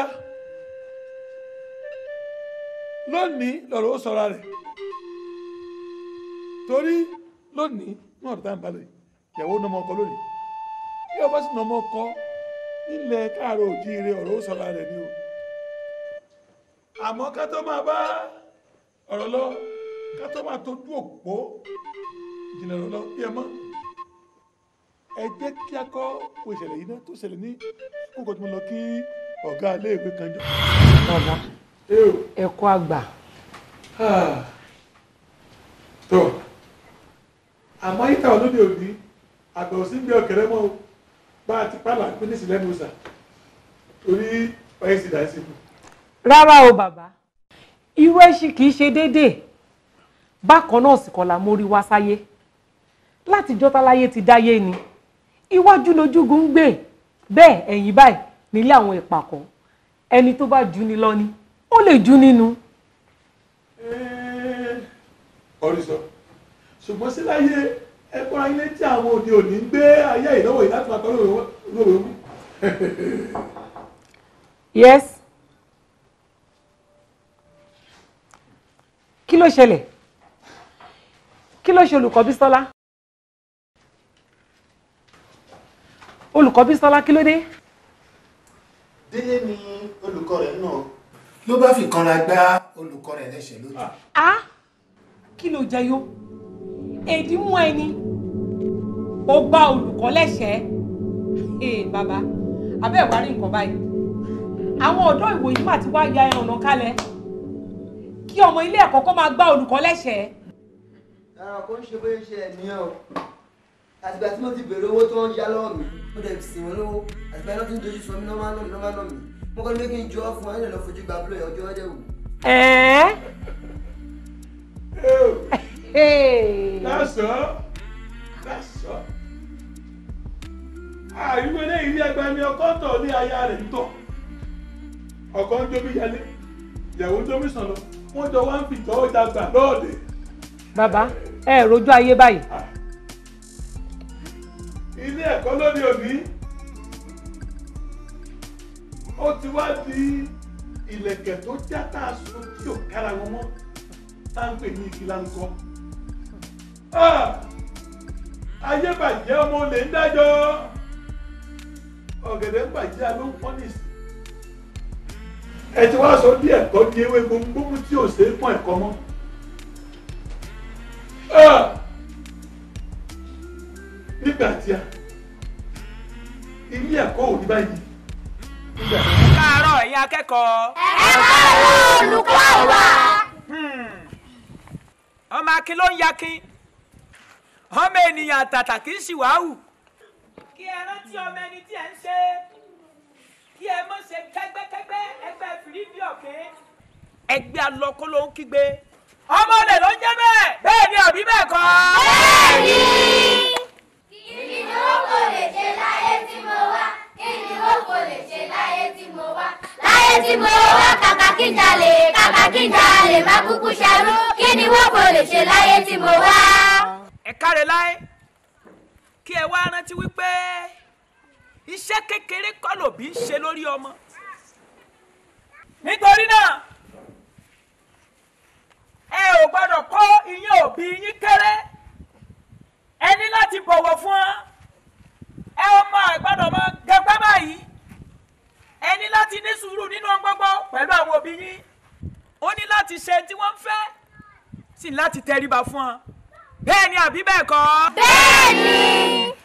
A: lónìí lọ́rọ̀ ó sọra rẹ̀ torí lónìí ní ọ̀rọ̀ tá à ń balẹ̀ ìyàwó ní ọmọ ọkọ lónìí bí ọba sì ní ọmọ ọkọ nílẹ̀ káàárọ̀ òjíire ọ̀rọ̀ ó sọra rẹ̀ ni o àmọ́ ká tó máa bá ọ̀rọ̀ lọ ká tó máa tójú òpó ìjìnlẹ̀ ọ̀rọ̀ lọ bí ẹ mọ́ ẹ jẹ́ kí a kọ́ wo ìṣẹ̀lẹ̀ yìí náà tó ṣẹlẹ̀ ní kókò tí mo lọ kí ọ̀gá iléèwé kan jọ. bàbá ẹ̀kọ́ àgbà. <sighs> tó àmọ́ yíta olóde òní àgbà òsín gbé ọ̀kẹ́rẹ́ mọ́ bá a ti pààlà pínísì lẹ́nu sà torí ọ̀yẹ́sì dà sí
B: rárá o bàbá irú ẹṣin kì í ṣe déédéé bákan náà sì kọlà mórí wá sáyé látijọ́ táláyé ti dáyé ni iwájú lójúgun ń gbé bẹ́ẹ̀ ẹ̀yìn báyìí nílé àwọn ìpàkọ́ ẹni tó bá jù ni lọ ni ó lè jù nínú.
A: ọ̀rí sọ ṣùgbọ́n síláyé ẹ̀kọ́ ayé tí àwọn òde òní gbé ayé ìdánwò yìí láti máa kọ́
B: lóòrè wọn. yes kí ló ṣẹlẹ̀ kí ló ṣe olùkọ́ Bísọ́lá olùkọ́ Bísọ́lá kí ló dé.
A: délé ni olùkọ́ rẹ̀ náà ló bá fi kanra gbá olùkọ́ rẹ̀ lẹ́sẹ̀ lójú. a
B: ah. ah! kí ló jẹyọ èdè mú ẹni ó bá olùkọ́ lẹ́sẹ̀ ee bàbá abẹ́ ìwárí nǹkan báyìí àwọn ọ̀dọ́ ìwòyí mà ti wá ya ẹran náà kalẹ̀ kí ọmọ ilé ẹ̀kọ́ kó máa gbá olùkọ́ lẹ́sẹ̀ẹ́.
A: ẹran kò ń ṣe bóyá ṣe ẹ̀ nìyẹn o àtìgbà tí mo ti bèrè owó tó ń yá lọ́wọ́ mi
B: mo dẹ̀ sì wọ́n lọ́wọ́ àtìgbà iná tí ń dojú sọ mí lọ́wọ́ náà mi lọ́wọ́ náà mi mo kọ́ lé kí n jọ ọ́ fún ẹ lè lọ fojú gba abúlé ọjọ́ ọjọ́ wò. ẹ̀ẹ́. lásán
A: lásán àìwé lẹ́yìn ilé ẹgbẹ́ mi ọkọ tọ̀ ní aya rẹ̀ ń tọ̀ ọkọ ń jó bí yẹlé ìyàwó ń jó bí sànlọ wọ́n jọ wá ń fìtọ́ ọjà gbà lọ́ọ̀dẹ.
B: bàbá ẹ rojú ayé báyìí. Ah.
A: ilé ẹ̀kọ́ lóde òní ó ti wá di ìlẹ̀kẹ̀ tó já tá a sùn tí ò kára wọn mọ́ tá ń pè ní ìfìlà ah. ayé bàjẹ́ ọmọ olè ń dájọ́ ọ̀gẹ̀dẹ̀ ń bàjẹ́ alóńpọ́nìsì ẹ ti wá sọ bí ẹ̀kọ́ di ewé gbogbogbò tí ò ṣeé pọ́n ẹ̀kọ́ mọ́. nígbà tí a ilé ẹ̀kọ́ ò ní báyìí. káàárọ̀ ẹ̀yin akẹ́kọ̀ọ́. ẹ káàárọ̀ olùkọ́ wa. Hmm. ọmọ akin ló ń yakin ọmọ ènìyàn àtàtà kì í ṣì wá hù. kí ẹ rántí ọmọ ẹni tí ẹ ń ṣe é kí ẹ mọ̀ ṣe kẹ́gbẹ́kẹ́gbẹ́ ẹgbẹ́ fìrídìí ọ̀kẹ́. ẹgbẹ́ alọ́kọ́ ló ń kígbe. ọmọ rẹ̀ ló ń jẹ́ bẹ́ẹ̀. bẹ́ẹ̀ ni àbí bẹ́ẹ̀ kọ́. bẹ́ẹ̀ kí ni ó kò lè ṣe láyé tí
D: mo wá kí ni ó kò lè ṣe láyé tí mo wá. láyé tí mo wá kàkà kí n jalè kàkà kí n jalè má kúkú ṣerú kí ni wọ́n kò lè ṣe láyé tí mo wá.
A: ẹ káre láyé kí ẹ wá rántí wípé iṣẹ́ kékeré kọ́ lòbí ń ṣe lórí ọmọ nítorí náà ẹ ò gbọ́dọ̀ kó ìyẹn òbí yín kéré ẹ ní láti bọ̀wọ̀ fún ọ ẹ ọmọ àgbàdo ọmọ gẹgbẹ́ báyìí ẹ ní láti ní sùúrù nínú ọgbọ́gbọ́ pẹ̀lú àwọn òbí yín ó ní láti ṣe tí wọ́n ń fẹ́ sì láti tẹríba fún ọ bẹ́ẹ̀ ni àbí bẹ́ẹ̀ kọ́. bẹ́ẹ̀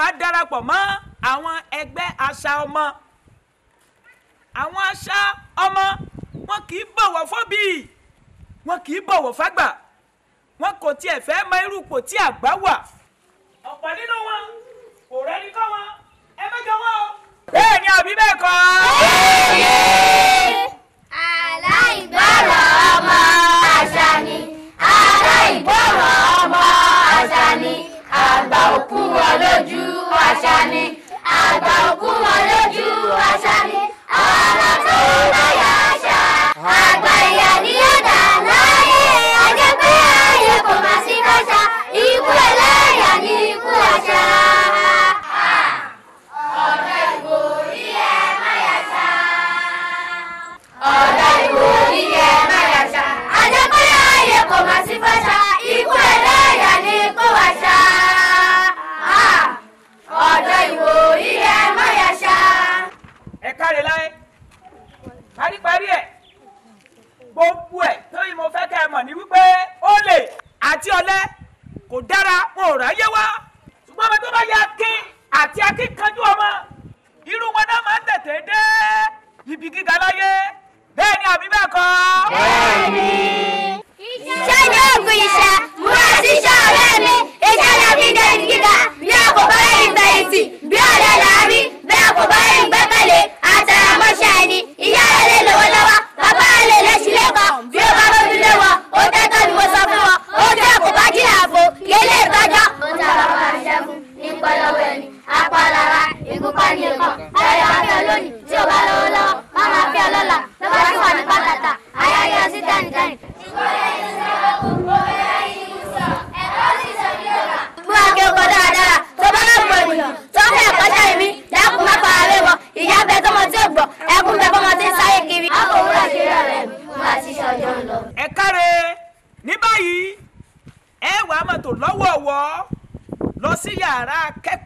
A: wàá darapọ̀ mọ́ àwọn ẹgbẹ́ àṣà ọmọ àwọn àṣà ọmọ wọn kì í bọ̀wọ̀ fọ́bì wọn kì í bọ̀wọ̀ fágbà wọn kò tiẹ̀ fẹ́ mọ irú ipò tí àgbà wà ọ̀pọ̀ nínú wọn kò rẹ́ni kọ́ wọn ẹ mẹ́jọ wọn o. bẹ́ẹ̀ ni àbí bẹ́ẹ̀ kọ́. aláìgbọràn
D: ọmọ àṣà ni aláìgbọràn ọmọ àṣà ni àgbà òkú wọn lójú àṣà ni àgbà òkú wọn lójú àṣà ni ọ̀rọ̀ tó bá yà.
A: àti ọ̀lẹ kò dára wọn ò ráyé wá ṣùgbọ́n ọmọ tó bá yẹ akin àti akínkanjú ọmọ irú wọn náà máa ń tètè dé ibi gíga láyé bẹ́ẹ̀ ni àbí bẹ́ẹ̀ kọ́.
D: bẹ́ẹ̀ni. iṣẹ́ ní ògùn ìṣá múra sí ọ̀rẹ́ mi iṣẹ́ ní ògùn ìdá ìdí gíga bí a bá yẹ ìgbà ìsìn bí ọ̀rẹ́ là á rí bí kò bá yẹ ìgbẹ́kẹ̀lé àtàràmọ́ṣẹ́ ẹni ìyá rẹ̀ lè lọ́wọ́lọ́wọ́ bàbá rẹ̀ lè lẹ́sìn lẹ́kọ̀ọ́ bí ó bá bá mi lé wọn ó tẹ́ ajé àfo kélé ìtọ́jọ́. mo ta bàbá àṣẹfún ní pẹlọwẹ ni apalára ìgúnpá ní ẹ̀kọ́ ayẹyẹ afẹ́ olóyìn tí ò bá lọ́wọ́lọ́wọ́ má máa fẹ́ ọlọ́lá lọ́ba tí wà ní pàtàkì ayẹyẹ ọsí tẹ́nitẹ́ni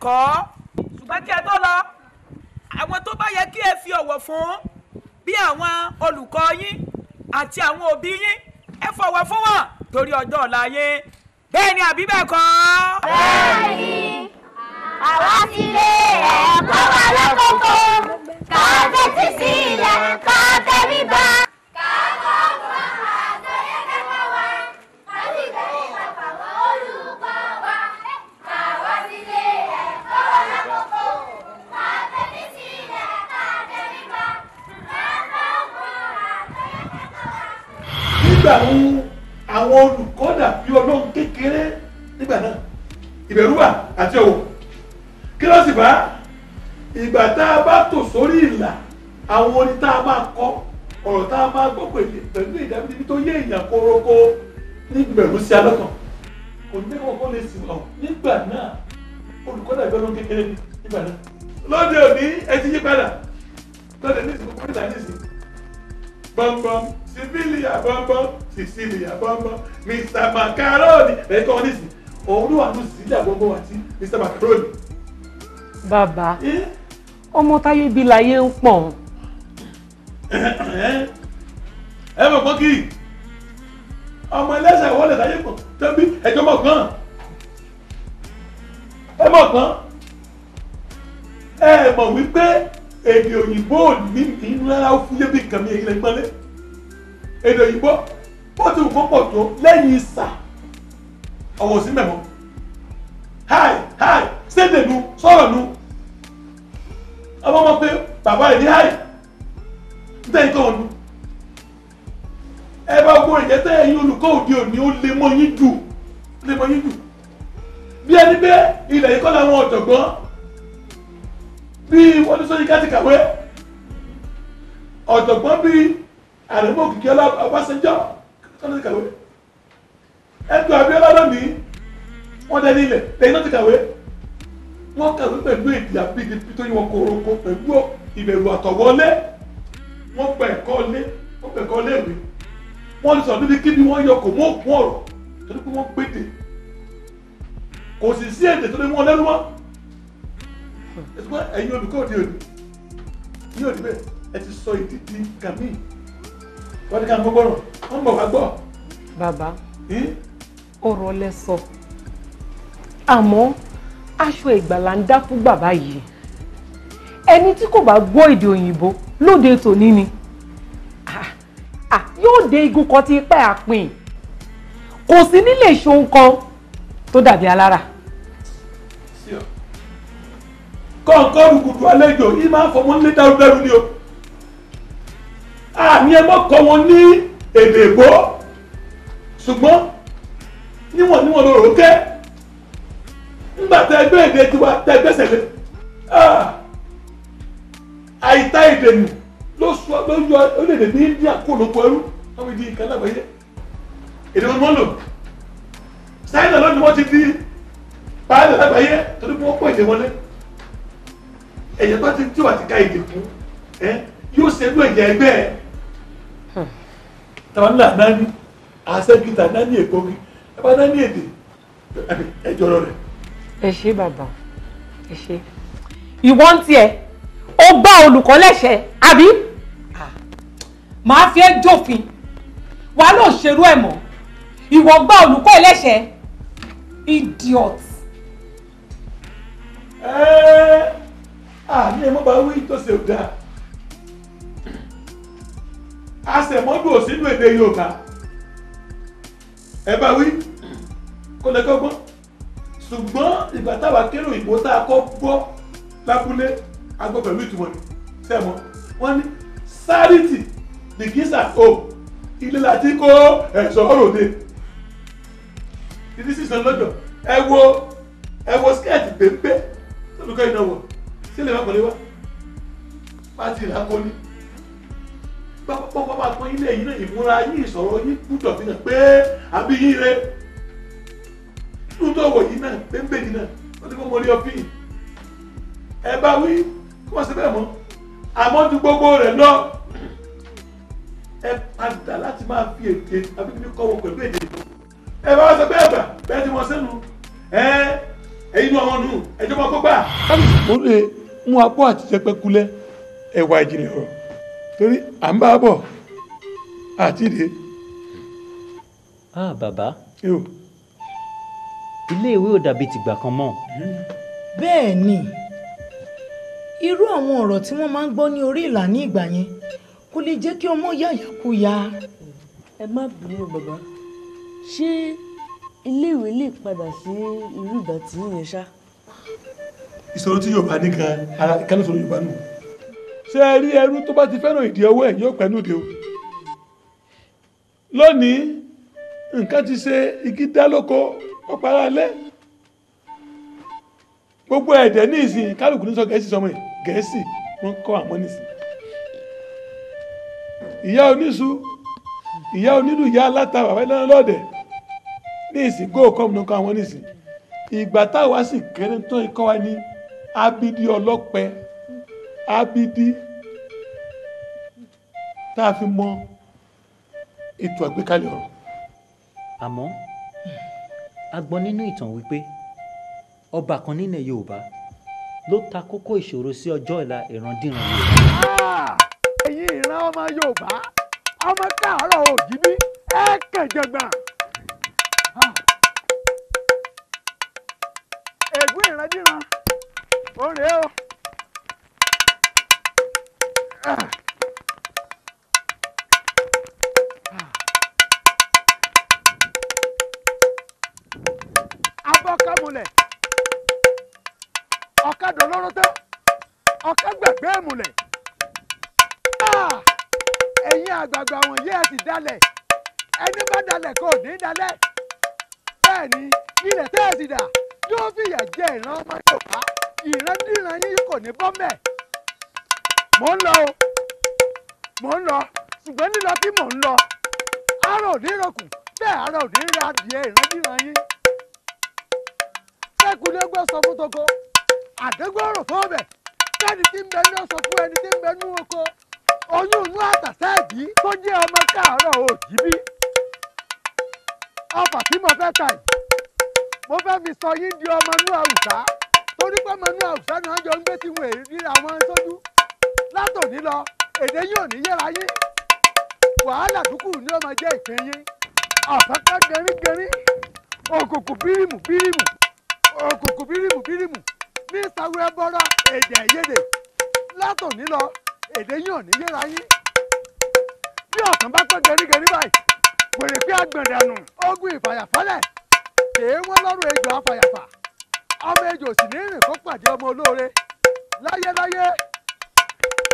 A: ẹ̀kọ́ ṣùgbọ́n kí ẹ tó lọ àwọn tó bá yẹ kí ẹ fi ọ̀wọ̀ fún bí àwọn olùkọ́ yín àti àwọn òbí yín ẹ fọ̀wọ̀ fún wọn torí ọjọ́ ọ̀la yín bẹ́ẹ̀ ni àbí bẹ́ẹ̀ kọ́. bẹ́ẹ̀ni àwa ti lé ẹ̀kọ́ e, wa
D: lọ́kọ̀ọ́kọ́ ká fetí sí ìlànà
B: baba ọmọ táyé bí láyé ń pọ̀.
A: <coughs> ẹ mọ̀ pọ́n kì í ọmọ ẹlẹ́sẹ̀ ìwọlẹ̀ táyé pọ̀ tẹ́bí ẹjọ́ mọ̀ gan ẹ mọ̀ gan ẹ mọ̀ wípé èdè òyìnbó ò ní nínú rárá ó fúyé bí nǹkan mi èyí lè gbọ́n lé èdè òyìnbó bó ti wù kó pọ̀ tó lẹ́yìn ìsà ọ̀wọ̀ sí mẹ́mọ́ hi hi ṣéde nu sọ̀rọ̀ nu ọmọ ọmọ pé bàbá rẹ̀ ní hi nítorí tó nu ẹ bá gbọ́ ìjẹ́ tẹ́ ẹ̀yin olùkọ́ òde òní ó lè mọ yín dù lè mọ yín dù bí ẹni pé ilẹ̀ yìí kọ́ làwọn ọ̀jọ̀gbọ́n bí wọ́n ti sọ́yìn káàtì kàwé ọ̀jọ̀gbọ́n bí àrẹ̀mọ́ òkìkí ọlá ọbásanjọ́ káàtì kàwé ẹ̀dùn àbíọ́lá lónìí wọ́n dẹni ilẹ̀ lẹ́yìn náà ti kàwé wọ́n kàwé pẹ̀lú èdè àbídipí tó yẹ wọn koroko pẹ̀lú ìbẹ̀rù àtọ̀wọlé wọ́n gba ẹ̀kọ́ lé wọ́n gba ẹ̀kọ́ léèwé wọ́n sọ níbi kí ni wọ́n yọ kò mú òkun ọ̀rọ̀ torí pé wọ́n gbédè kò sì sí èdè tó lé wọn lẹ́nu mọ́ ẹ̀sùn ẹ̀yin olùkọ́ òde òní ní òde bẹ́ẹ̀ ẹ ti sọ ìdí di kàmí wọ́n ti ká gbọ́gbọ́rọ̀ wọ́n mọ̀ wá gbọ́.
B: bàbá hm? ọ̀rọ̀ lẹ sọ. So àmọ́ aṣọ ìgbàlà ń dá fún bàbá yìí ẹni tí kò bá gbọ́ èdè òyìnbó lóde tòní ni ah, ah, yóò dé igun kan tí pẹ́ àpín kò sí nílé ṣohun kan tó dàbí alára.
A: kọ̀ǹkọ́ rúgùdù àlejò yìí máa ń fọmọ nílé dárúdárú ni o àní ẹ mọ́ kọ́ wọn ní èdè èbó ṣùgbọ́n níwọ̀n níwọ̀n ló rò ó kẹ́ nígbà tẹ ẹgbẹ́ èdè tiwa tẹ gbẹ́sẹ̀ lé ah! àìta èdè nù ló sọ ló yọ orílẹ̀-èdè ní India kó lóko ẹrú wọ́n fi di nǹkan lágbàáyé èdè wọn lò Ṣáínà lọ́dún wọn ti di báyìí lágbàáyé torí wọn kó èdè wọn lé ẹ̀yẹ tó ti tí wà ti ka èdè kú ẹ yóò ṣe lú ẹ̀yẹ ẹgbẹ́ ẹ tàwọn náà náà ní àṣẹ kìtà náà ní èkó kí ẹ bá náà ní èdè
B: ẹjọ́ rẹ̀ ẹ ṣe bàbá ẹ ṣe. ìwọ ń tiẹ̀ ó gbá olùkọ́ lẹ́sẹ̀ àbí màá fi ẹ́ jófin wàá lọ ṣerú ẹ̀ mọ́ ìwọ gbá olùkọ́ ẹ̀ lẹ́sẹ̀ idiot.
A: ẹ ẹ àmì ẹ mọ́ bá wí tó ṣe ò dáa asẹ̀mọ́dù ò sínú èdè Yorùbá ẹ bá wí kó lè kọ́gbọ́n ṣùgbọ́n ìgbà táwa kérò ìbò tá a kọ́ gbọ́ lábúlé agbọ́ pẹ̀lú ìtumọ̀ ni sẹ́mọ̀ wọ́n ní sáárìtì the gisa o ilé láti kó ẹ̀sọ́ òròde títí sísan lọ́jọ́ ẹ wo ẹ wo skẹ́ẹ̀tì pépé olùkọ́ ìnáwó sí ilé ìwà pẹ̀lú wa má ti rà kó ní pápákọ̀ pápákọ̀ ilé yìí náà ìmúra yìí ìsọ̀rọ̀ yìí gbúdọ̀ fi hàn pé àbí yìí rẹ̀. túndọ̀wọ̀ yìí náà péńpé yìí náà wọ́n ti fún mo rí ọ bíi bá wí kí wọ́n ṣe bẹ́ẹ̀ mọ́ gbogbo rẹ̀ lọ ẹ padà láti máa fi èdè abíkíní pẹ̀lú èdè ẹ bá wá sọ bẹ́ẹ̀ bẹ́ẹ̀ ti wọ́n sẹ́nu ẹ ọmọ nù gbà. mo lè mú àti ìjìnlẹ̀ ọ̀rọ̀ torí a bọ̀ ah, bàbá. yóò. iléèwé ò dàbí tìgbà kan mọ́. bẹ́ẹ̀ ni irú àwọn ọ̀rọ̀ tí wọ́n máa ń gbọ́ ní orí ìlà ní ìgbà yẹn kò lè jẹ́ kí ọmọ yàyà kú ya. ẹ má bínú bàbá ṣé iléèwé lè padà sí irú ìgbà tí yẹn ṣá. ìṣòro tí yorùbá ní kan ara ìkànnì ìṣòro yorùbá nù. ṣé ẹ rí ẹrú tó bá ti fẹ́ràn ìdí ọwọ́ ẹ̀ yóò pẹ́ nù de o. lónìí nǹkan ti ṣe igi dá lóko ọ̀pọ̀ ara lẹ́ gbogbo ẹ̀dẹ̀ ní ìsìn kálukú ní sọ gẹ̀ẹ́sì sọmọ ẹ̀ gẹ̀ẹ́sì wọ́n kọ́ àmọ́ nìsín ìyá oníṣu ìyá onílù ìyá aláta bàbá ìlànà lọ́dẹ̀ ní ìsìn góò kọ́ ọ̀mùnà kọ́ àwọn nìsín ìgbà táwa sì kéré tó ikọ́ wa ní abidi ọlọ́pẹ abidi tá a fi mọ ètò àgbékalẹ̀ ọ̀rọ̀. àmọ́ a gbọ́ nínú ìtàn wípé ọba kan nílẹ̀ yorùbá ló ta kókó ìṣòro sí ọjọ́ ìlà ìrandíran yorùbá. Ah! ẹ̀yin ìran ọmọ yorùbá ọmọ káàárọ̀ òjìní ẹ kẹ̀jẹ̀gbà. Ah! ègún ìrandíran òun rèé o. Ah. ọ̀ka mulẹ̀ ọ̀ka dọ̀lọ́rọ́ tán ọ̀ka gbàgbé mulẹ̀ ah! ẹ̀yin àgbààgbà wọ̀nyí ẹ̀ sì dalẹ̀ ẹni bá dalẹ̀ kò ní dalẹ̀ bẹ́ẹ̀ ni ilẹ̀ tẹ́ ẹ̀ sì dà yóò fìyà jẹ ìran ọmọ Yorùbá ìrandíran yín kò ní bọ́m̀bẹ̀ mò ń lọ o mò ń lọ ṣùgbọ́n lílọ tí mò ń lọ ara ò ní rọkùn bẹ́ẹ̀ ara ò ní ra adìẹ ìrandíran yín. tẹ́kùn lẹ́gbẹ́ sọ fún toko àdégbòrò fóòbẹ̀ kẹ́ni tí ń bẹ ní ọ̀sọ̀ fún ẹni tí ń bẹ ní oko oyún inú àtàsẹ́ẹ̀dì tó ọmọ òjì bí ọfà tí mo fẹ́ ta yìí mo fẹ́ fi sọ yín di ọmọ inú torí pé ọmọ jọ ń gbé tí wọn àwọn sójú látòní lọ èdè yìí ò ní yẹra wàhálà dúkù ìpín yín òkùnkùn òkùnkùn bírímù bírímù ní ìsàwé bọ́rọ̀ èdè àìyedè látòní lọ èdè yàn ní yéra yín bí ọ̀sán bá tó gerígerí báyìí wèrè pé àgbẹ̀dànù ogun ìfàyàfọ́lẹ̀ tèé wọ́n lọ́rùn ejò afàyàfà ọmọ ejò sì ní ìrìn kó pàdé ọmọ olóore láyéláyé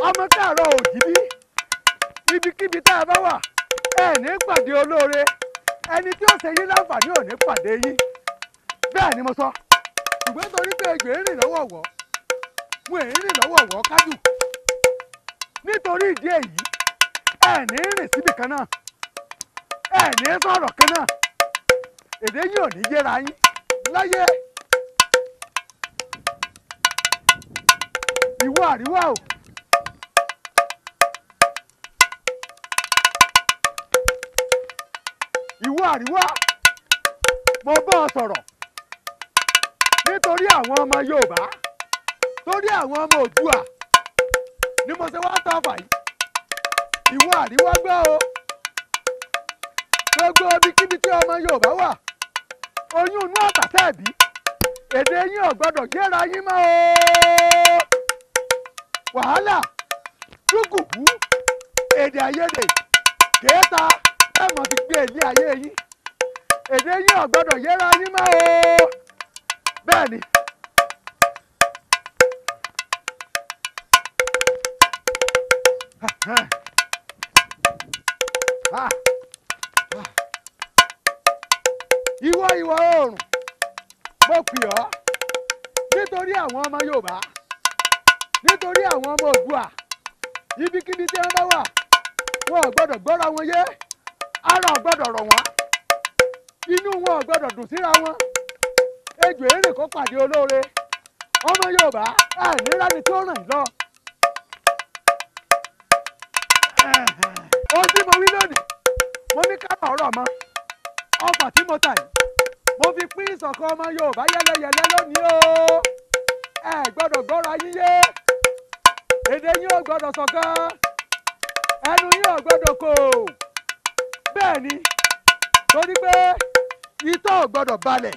A: ọmọ káàárọ̀ òjìbí ibikíbi tá a bá wà ẹ ní pàdé olóore ẹni tí ó ṣe yín láǹfààní ò ní pàdé yín bẹ́ẹ̀ ni mo sọ. So. ṣùgbọ́n torí pé ègbè ń rìn lọ́wọ̀wọ́ mo èyí rìn lọ́wọ̀wọ́ kájù nítorí ìdí èyí ẹ ní rìn síbì kan náà ẹ ní sọ̀rọ̀ kan náà èdè yìí ò ní yéra yín láyé ìwọ àríwá o. ìwọ àríwá mo bá sọ̀rọ̀. nítorí àwọn ọmọ Yorùbá torí àwọn ọmọ Oòduà ni mo ṣe wá tán fàyí ìwọ àríwá gbọ́ o gbogbo ibikíbi tí ọmọ Yorùbá wà oyún inú àtàtàbí èdè yín ò gbọ́dọ̀ gbéra yín mọ́ o wàhálà rúgùkú èdè ti gbé ayé yín èdè yín ò bẹ́ẹ̀ ni. ìwọ ìwọ oòrùn mo pè ọ́ nítorí àwọn ọmọ Yorùbá nítorí àwọn ọmọ Oòduà ibikíbi tí wọ́n bá wà wọn ò gbọ́dọ̀ gbọ́ra wọn yé ara ò gbọ́dọ̀ rọ̀ wọ́n inú wọn ò gbọ́dọ̀ dùn síra wọn ejò eré kó pàdé olóore ọmọ Yorùbá àìlera ni tó ràn lọ. ohun tí mo wí lónìí mo ní ká ọ̀rọ̀ mọ́ ọfà tí mo tà yìí mo fi pín ìṣọ̀kan ọmọ Yorùbá yẹlẹyẹlẹ lónìí o ẹ gbọ́dọ̀ gbọ́ra yín yé èdè yín ò gbọ́dọ̀ ṣọ̀kan ẹnu yín ò gbọ́dọ̀ kò bẹ́ẹ̀ ni torí pé itọ́ ò gbọ́dọ̀ balẹ̀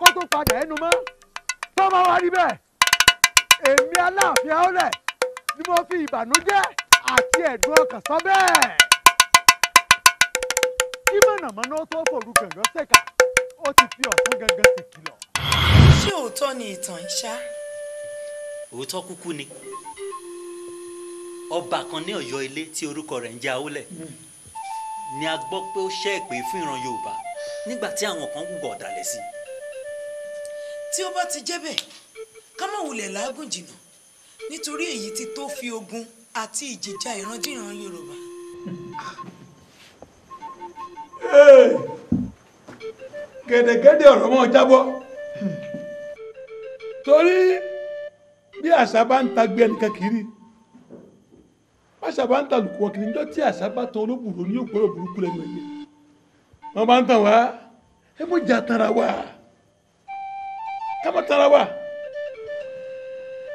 A: kó tó padà ẹnu mọ́ tó bá wá rí bẹ́ẹ̀ èmi Aláàfin Àọ́lẹ̀ ni mo fi ìbànújẹ́ àti ẹ̀dùn ọkàn sọ bẹ́ẹ̀. kí mọ̀nàmọ́ná tó fòru gàngán ṣèkà ó ti fi ọ̀tún gangan sì kìlọ̀. ṣé òótọ́ ni ìtàn ìṣá. òótọ́ kúkú ni ọba kan ní Ọ̀yọ́ ilé tí orúkọ rẹ̀ ń jẹ́ Àọ́lẹ̀ ni a gbọ́ pé ó ṣẹ́ ìpè fún ìran Yorùbá nígbà tí àwọn kan gbọ́ ọ̀dàlẹ̀ sí
B: tí ó bá ti jẹ́ bẹ́ẹ̀ ká má wulẹ̀ láàgùn jìnnà nítorí èyí ti tó fi ogun àti ìjìjà ìrandíran Yorùbá.
A: gẹ̀dẹ̀gẹ̀dẹ̀ ọ̀rọ̀ mọ́ jábọ́ torí bí àṣà bá ń ta gbé ẹnìkan kiri àṣà bá ń ta lùkùwọ̀ kiri níjọ́ tí àṣà bá tan olóbùrò ní òpòrò burúkú lẹ́nu ẹ̀yẹ wọ́n bá ń tàn wá ẹ mọ̀ jà tara wá ká má tara wa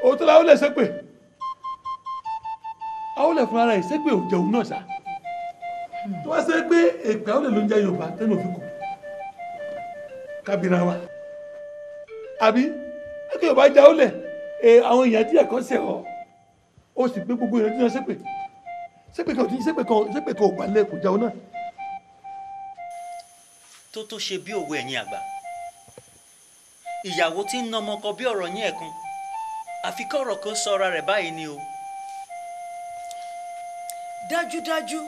A: òótọ́ la ó lè ṣépè a ó lè fún ara o ṣépè ò jẹun náà ṣá tó wá ṣe pé èpè àwọn èlò ń jẹ Yorùbá tẹ́lẹ̀ òfin kù kábìnrin wa àbí ẹgbẹ́ Yorùbá já ó lẹ̀ àwọn èèyàn tí ẹ̀kọ́ ṣe ọ́ ó sì pé gbogbo èèyàn tí wọ́n ṣépè ṣépè kan o tí ṣépè kan ṣépè kan ò gbà lẹ́ẹ̀kọ́ já ó náà. tó tó ṣe bí òwe ẹ̀yin àgbà ìyàwó tí ń ná ọmọ kan bí ọ̀rọ̀ yín ẹ̀kan àfi kọ́rọ̀ kan sọra rẹ̀ báyìí ni o. dájúdájú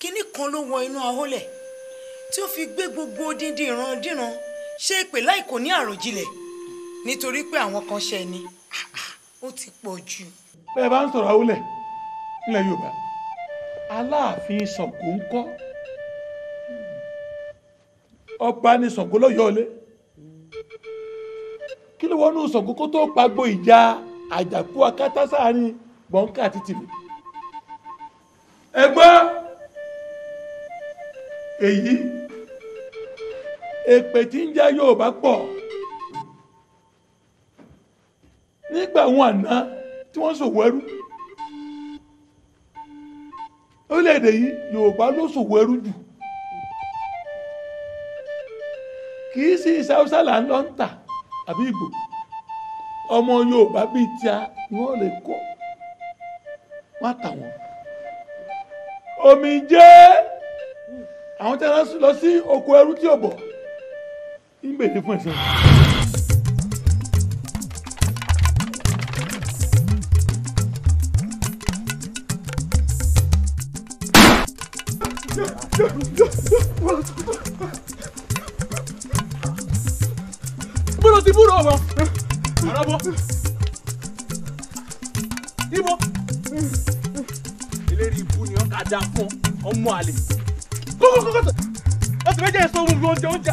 A: kinní kan ló wọ inú ahọ́lẹ̀ tí ó fi gbé gbogbo dídí ìrandíran ṣe é pè láì kò ní àròjinlẹ̀ nítorí pé àwọn kan ṣe ni
B: ó ti pọ̀ jù.
A: bẹ́ẹ̀ bá ń sọ̀rọ̀ ahọ́lẹ̀ nílẹ̀ yorùbá aláàfin ṣàngó ń kọ́ ọba ní ṣàngó lọ́yọ̀ọ́lé wọnú Ṣàngó kó tó pagbo ìjà àjàkú akátá sáàrin bọ́ńkà àti tìlú ẹgbọ́ èyí èpè tí ń jẹ́ Yorùbá pọ̀ nígbà àwọn àná tí wọ́n ṣòwò ẹrú orílẹ̀-èdè yìí Yorùbá ló ṣòwò ẹrú jù kì í sí ìsáwúsá là ń lọ ń tà àbí Ìgbò ọmọ Yorùbá bíi tíá ni wọ́n lè kó wọ́n àtàwọn omi jẹ́ àwọn tí wọ́n lọ sí oko ẹrú tí ò bọ̀ ń gbèdé fún ẹ̀sán. búrò ti búrò ọmọ. Arabo. Ibo. Eléri ibu ni wọn kà dá fún ọmọ àlè. Kókó kókó tó. Láti méjèèjì sọ ohun bí oúnjẹ oúnjẹ.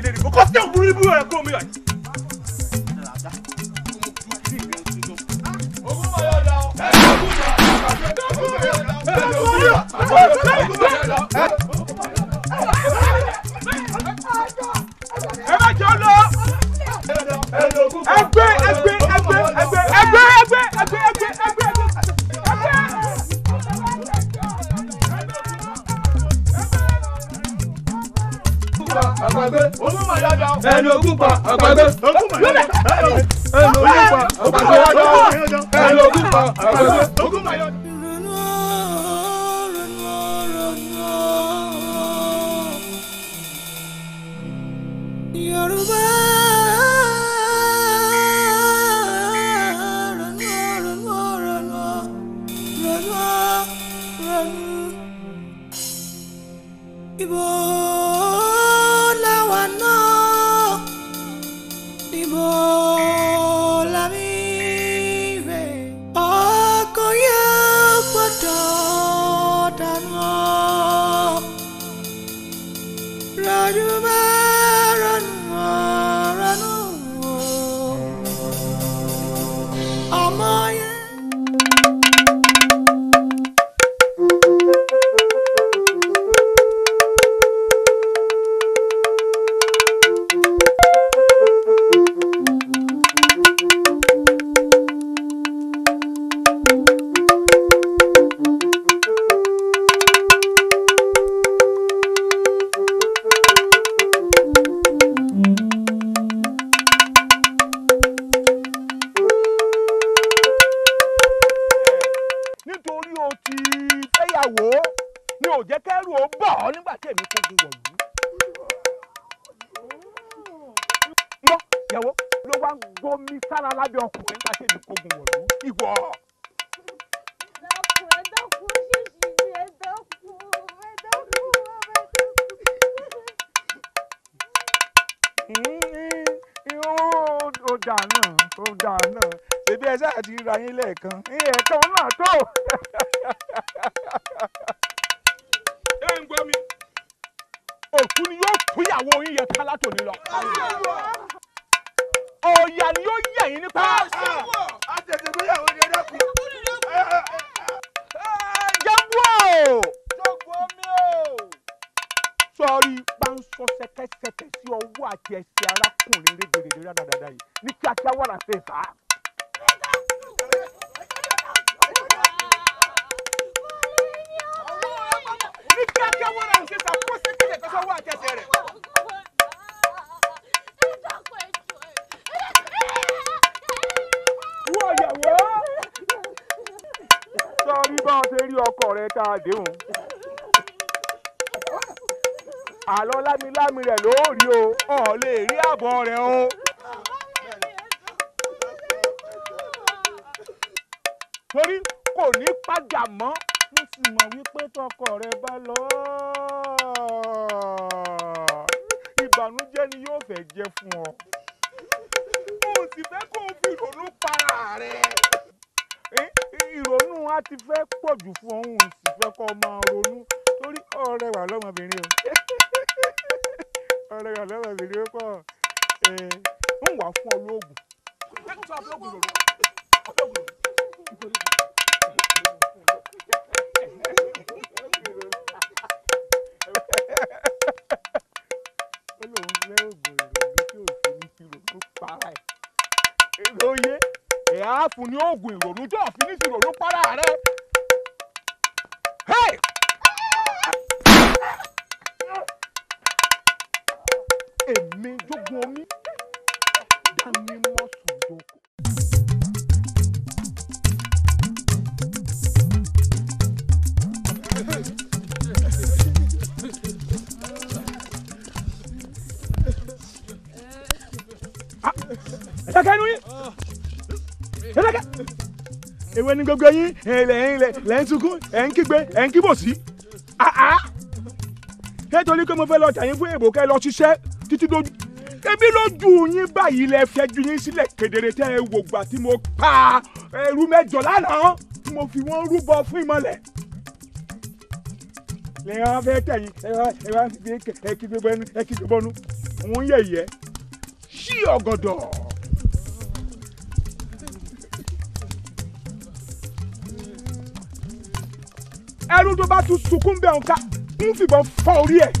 A: Eléri ibu kọ́sí ọ̀gbun ní ibú rẹ̀ kúrò mi wáyé. àgbàdo
D: ẹlòmípa àgbàdo ẹlòmípa àgbàdo. Yorùbá. Ibo.
A: yín lẹ́ẹ̀kan lámilámi rẹ̀ ló rí o ọ̀ lè rí àbọ̀ rẹ̀ o. torí kò ní pàjà mọ́ mo sì mọ̀ wípé tọkọ rẹ̀ bá lọ ìbànújẹ́ ni yóò fẹ́ jẹ́ fún ọ. mo sì fẹ́ kó o fi ìrònú para rẹ̀. ìrònú á ti fẹ́ pọ̀jù fún ọ̀hún sì fẹ́ kó o máa ronú torí ọ̀rẹ́ wà lọ́mọbìnrin o ọ̀rẹ́ rẹ̀ lọ́rọ̀ mi ló pọ̀ ń wà fún ọ lóògùn. ó lóun fẹ́ oògùn ìròyìn tí òfin ní á fún ní oògùn ìròyìn tí òfin ní kí para rẹ̀. èmi jogun omi dání mọ́sùn joko.
C: Ah! ẹ̀dẹ́kẹ́ nu yín ẹ̀dẹ́kẹ́
A: èwe ni gbogbo yín ẹ̀lẹ̀ ẹ̀lẹ̀ lẹ́ ń sunkún ẹ̀ ń kígbe ẹ̀ ń kíbòsí nítorí ah, ah! pé mo fẹ́ lọ jà yín fún èbò kẹ́ lọ ṣiṣẹ́ títí lójú ebi lójú yín báyìí lẹ fẹjú yín sílẹ̀ kedere tẹ ẹ wò gbà tí mo pa ẹrú mẹ́jọ lánàá tí mo fi wọn rúbọ fún ìmọ́lẹ̀ lẹ́yìn wọn fẹ́ tẹ̀yìn ẹ wá ẹ kí gbogbo ẹnu ẹ kí gbogbo ẹnu òun yẹ yẹ sí ọ̀gọ̀dọ̀. ẹrú tó bá tún sunkún bẹ́ẹ̀ ń ká ń fìbọn fọ́ orí ẹ̀.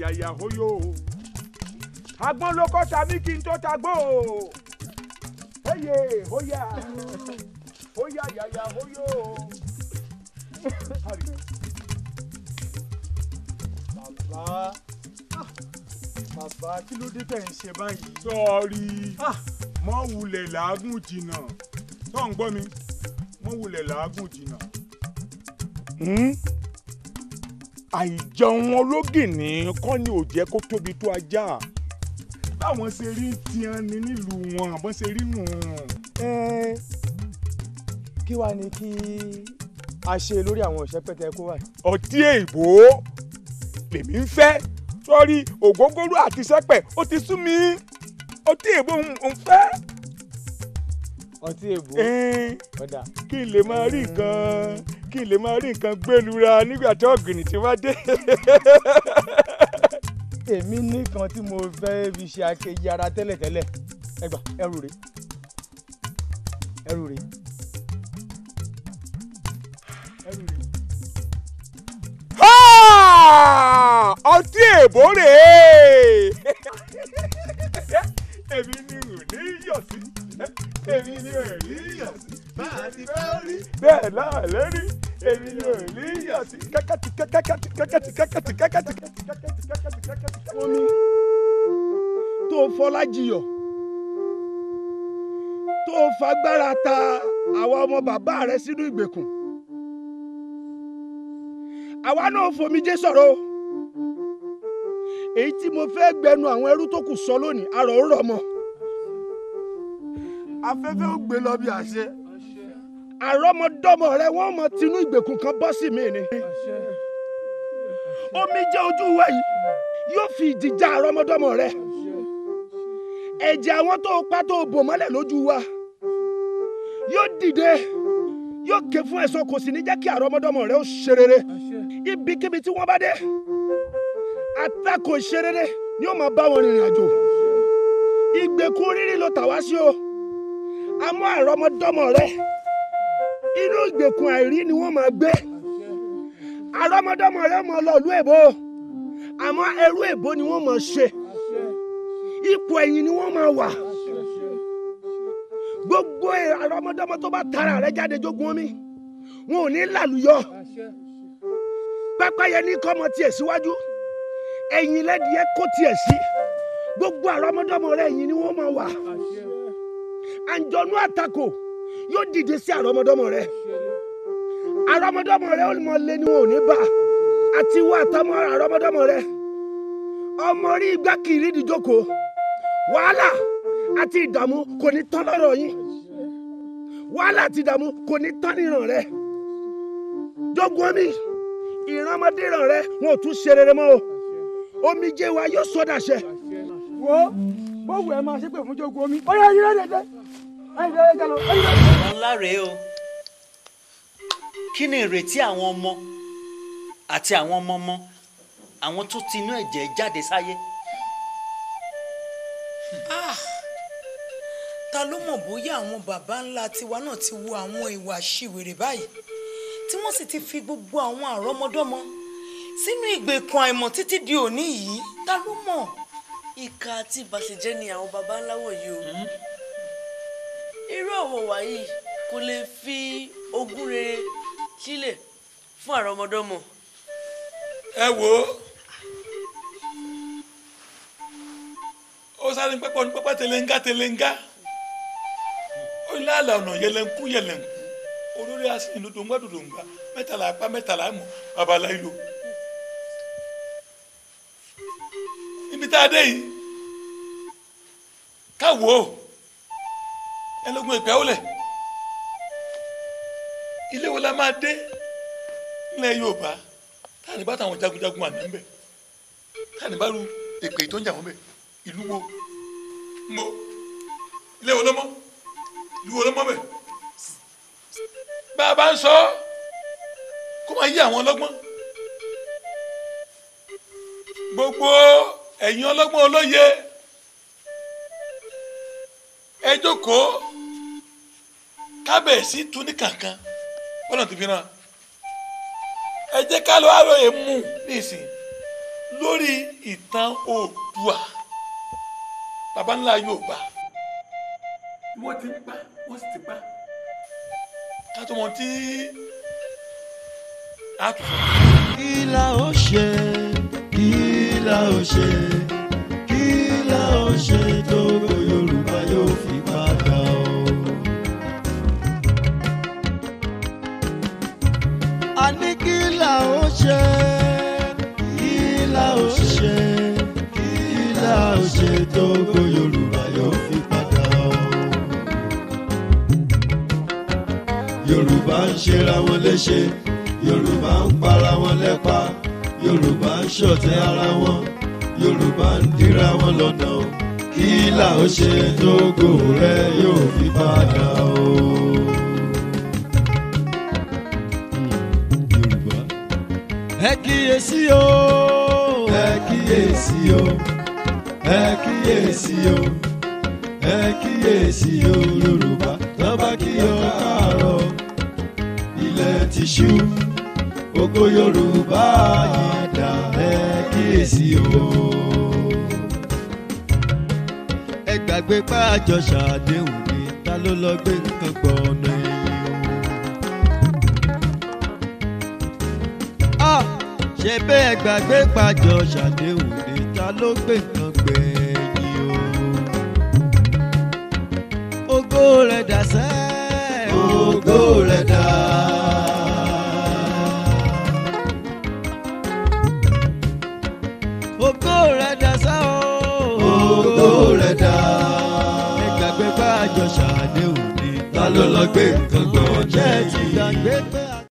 A: yàyà hóyò agbọ́n ló kọ́ ta kí n tó ta gbó eye hóyà hóyà yàyà hóyò. bàbá bàbá kí ló dé tẹ̀ ń ṣe báyìí. sọ́ọ̀rì ah, mọ́ wulẹ̀ làágùn jìnnà tó ń gbọ́ mi mọ́ wulẹ̀ làágùn jìnnà. Hmm? àìjẹun ológìní kọ́ ni ò jẹ́ kó tóbi tó ajá báwọn ṣe rí tiẹ̀ ni nílùú wọn àbọ̀n ṣe rí nù. kí wàá ní kí a ṣe lórí àwọn òṣè pẹtẹ kó wà. ọtí èèbó lèmi ń fẹ́ sọ́rí ògógóró àti sẹ́pẹ̀ ó ti sú mi ọtí èèbó ń fẹ́ ọtí èbó. ọ̀dà kí n lè máa rí nǹkan kí n lè máa rí nǹkan gbẹlura nígbà tí ọ̀gbìnì ti wá dé. <laughs> èmi nìkan tí mo fẹ́ fi ṣe akeji ara tẹ́lẹ̀tẹ́lẹ̀ ẹgbà ẹrù rè ẹrù rè ẹrù rè. ọtí èbó rèé <laughs> èmi ni ò ní yọ̀ sí èmi ni ò ní yọ̀ sí máa ti fẹ́ rí èmi ni ò ní yọ̀ sí kẹ́kẹ́tì kẹ́kẹ́tì kẹ́kẹ́tì kẹ́kẹ́tì kẹ́kẹ́tì tó fọlájiyọ̀ tó fagbára ta àwa ọmọ bàbá rẹ sínú ìgbèkùn àwa náà fomijé sọ̀rọ̀ èyí tí mo fẹ́ gbẹnu àwọn ẹrú tó kù sọ lónìí arọ̀ ń rọ̀ mọ́ afẹ́fẹ́ ó gbé lọ bí àṣẹ àrọ́mọdọ́mọ rẹ wọ́n mọ tinú ìgbèkùn kan bọ́ sí mi ni omi jẹ́ ojú wa yìí yóò fi ìdìjà àrọ́mọdọ́mọ rẹ ẹ̀jẹ̀ àwọn tó pa tó bò mọ́lẹ̀ lójú wa yóò dìde yóò ké fún ẹ̀san kò sì ní jẹ́ kí àrọ́mọdọ́mọ rẹ ó ṣe rere ibikíbi tí wọ́n bá dé àtakò ṣe rere ni ó máa bá wọn rìnrìn àjò ìgbèkùn rírì ló tà wá sí o àmọ́ àrọ́mọdọ́mọ rẹ inú ìgbèkùn àìrí ni wọ́n máa gbé àrọ́mọdọ́mọ rẹ mọ lọ́ọ̀lú èbó àmọ́ ẹrú èbó ni wọ́n máa ṣe ipò ẹ̀yìn ni wọ́n máa wà gbogbo àrọ́mọdọ́mọ tó bá tara rẹ jáde jogun omi wọn ò ní làlùyọ pápá yẹn ní kọ́mọ tiẹ̀ síwájú ẹ̀yìn lẹ́dìí kó tiẹ̀ sí gbogbo àrọ́mọdọ́mọ rẹ ẹ̀yìn ni wọ́n máa wà àǹjọ̀nú àtakò yóò dìde sí àrọmọdọ́mọ rẹ àrọmọdọ́mọ rẹ ó mọ lé ní wọn ò ní bá àti wọ àtọmọ àrọmọdọ́mọ rẹ ọmọ orí igbá kiri ìdíjókò wàhálà àti ìdààmú kò ní tán lọ́rọ̀ yín wàhálà àti ìdààmú kò ní tán níran rẹ jogun omi ìran ọmọdé ràn rẹ wọn ò tún ṣe rere mọ́ o omijé wa yóò sọdà ṣẹ. wo bó wù ẹ máa ṣépè fún jogun omi ó yẹ ayé rẹ dẹdẹ ọ̀rọ̀ ńlá rèé o kí ni ìrètí àwọn ọmọ àti àwọn ọmọọmọ àwọn tó ti inú ẹ̀jẹ̀ jáde sáyé. Ah! ta ló mọ̀ bóyá àwọn baba ńlá tiwa náà ti wo àwọn ìwà ṣìwèrè báyìí tí wọ́n sì ti fi gbogbo àwọn àrọ́mọdọ́mọ sínú ìgbèkùn àìmọ̀ títí di òní yìí ta ló mọ̀. ìkà àti ìbàṣẹ̀jẹ́ ni àwọn baba ńlá wọ̀nyí o. Mm -hmm irú àwọn wàyí kò lè fi ogún rere sílẹ̀ fún àrọmọdọ́mọ. ẹ wo ó sáré pẹ́pọ́ ní pẹ́pẹ́ tẹlẹ́ngá tẹlẹ́ngá ó ní àlà ọ̀nà yẹlẹ́nkú yẹlẹ́nkú olórí asin dòdòǹgbà dòdòǹgbà mẹ́tàlá apá mẹ́tàlá mọ̀ babaláyé lò. níbi tá a dé yìí ká wò ẹlẹ́gùn ìpẹ́ ó lẹ̀ ilé wo la máa dé nílẹ̀ Yorùbá táà ní bá táwọn jagunjagun àná ń bẹ̀ táà ní bá ru èpè tó ń jà wọ́n bẹ̀ ìlú wo mo ilé wo ló mọ́ ìlú wo ló mọ́ bẹ̀ bá a bá ń sọ kó máa yí àwọn ọlọ́gbọ́n gbogbo ẹ̀yin ọlọ́gbọ́n olóye ẹ jókòó kábíyèsí tún ní kankan bọ́lá ti fi ràn ẹ jẹ́ ká lọ àròyé mú nísìn lórí ìtàn oòdùà baba ńlá Yorùbá wọ́n ti ń pa wọ́n sì ti pa ká tó mọ tí a tù fún. kí la ó ṣe kí la ó ṣe kí la ó ṣe tó kò
D: ṣe
C: kí la ó ṣe kí la ó ṣe tó gbó
A: Yorùbá yóò fi padà o. Yorùbá ń ṣera wọn léṣe Yorùbá ń para wọn lẹ́pa Yorùbá ń ṣọ̀tẹ̀ ara wọn Yorùbá ń dira wọn lọ́nà
B: kí la ṣe
A: tó gbó rẹ yóò fi padà o. kíyèsí o. ẹ kíyèsí o. ẹ kíyèsí o. ẹ kíyèsí o Yorùbá lọ́ba kí o káàárọ̀ ilẹ̀ tìṣú ògo Yorùbá yìí dá ẹ kíyèsí o. ẹ gbàgbé pàjọ ṣàdéhùn ni ta ló lọ gbé nǹkan gbọ́ ọ̀nà. ṣe bẹ́ẹ̀ gbàgbé pàjọ ṣàdéhùn lè ta ló gbé nǹkan gbẹ̀yìn o. ògo rẹ̀ dà sẹ́. ògo rẹ̀ dà. ògo rẹ̀ dà sẹ́ o. ògo
C: rẹ̀ dà. ẹ gbàgbé pàjọ ṣàdéhùn lè ló lọ gbé nǹkan gbọ̀n jẹ́ ti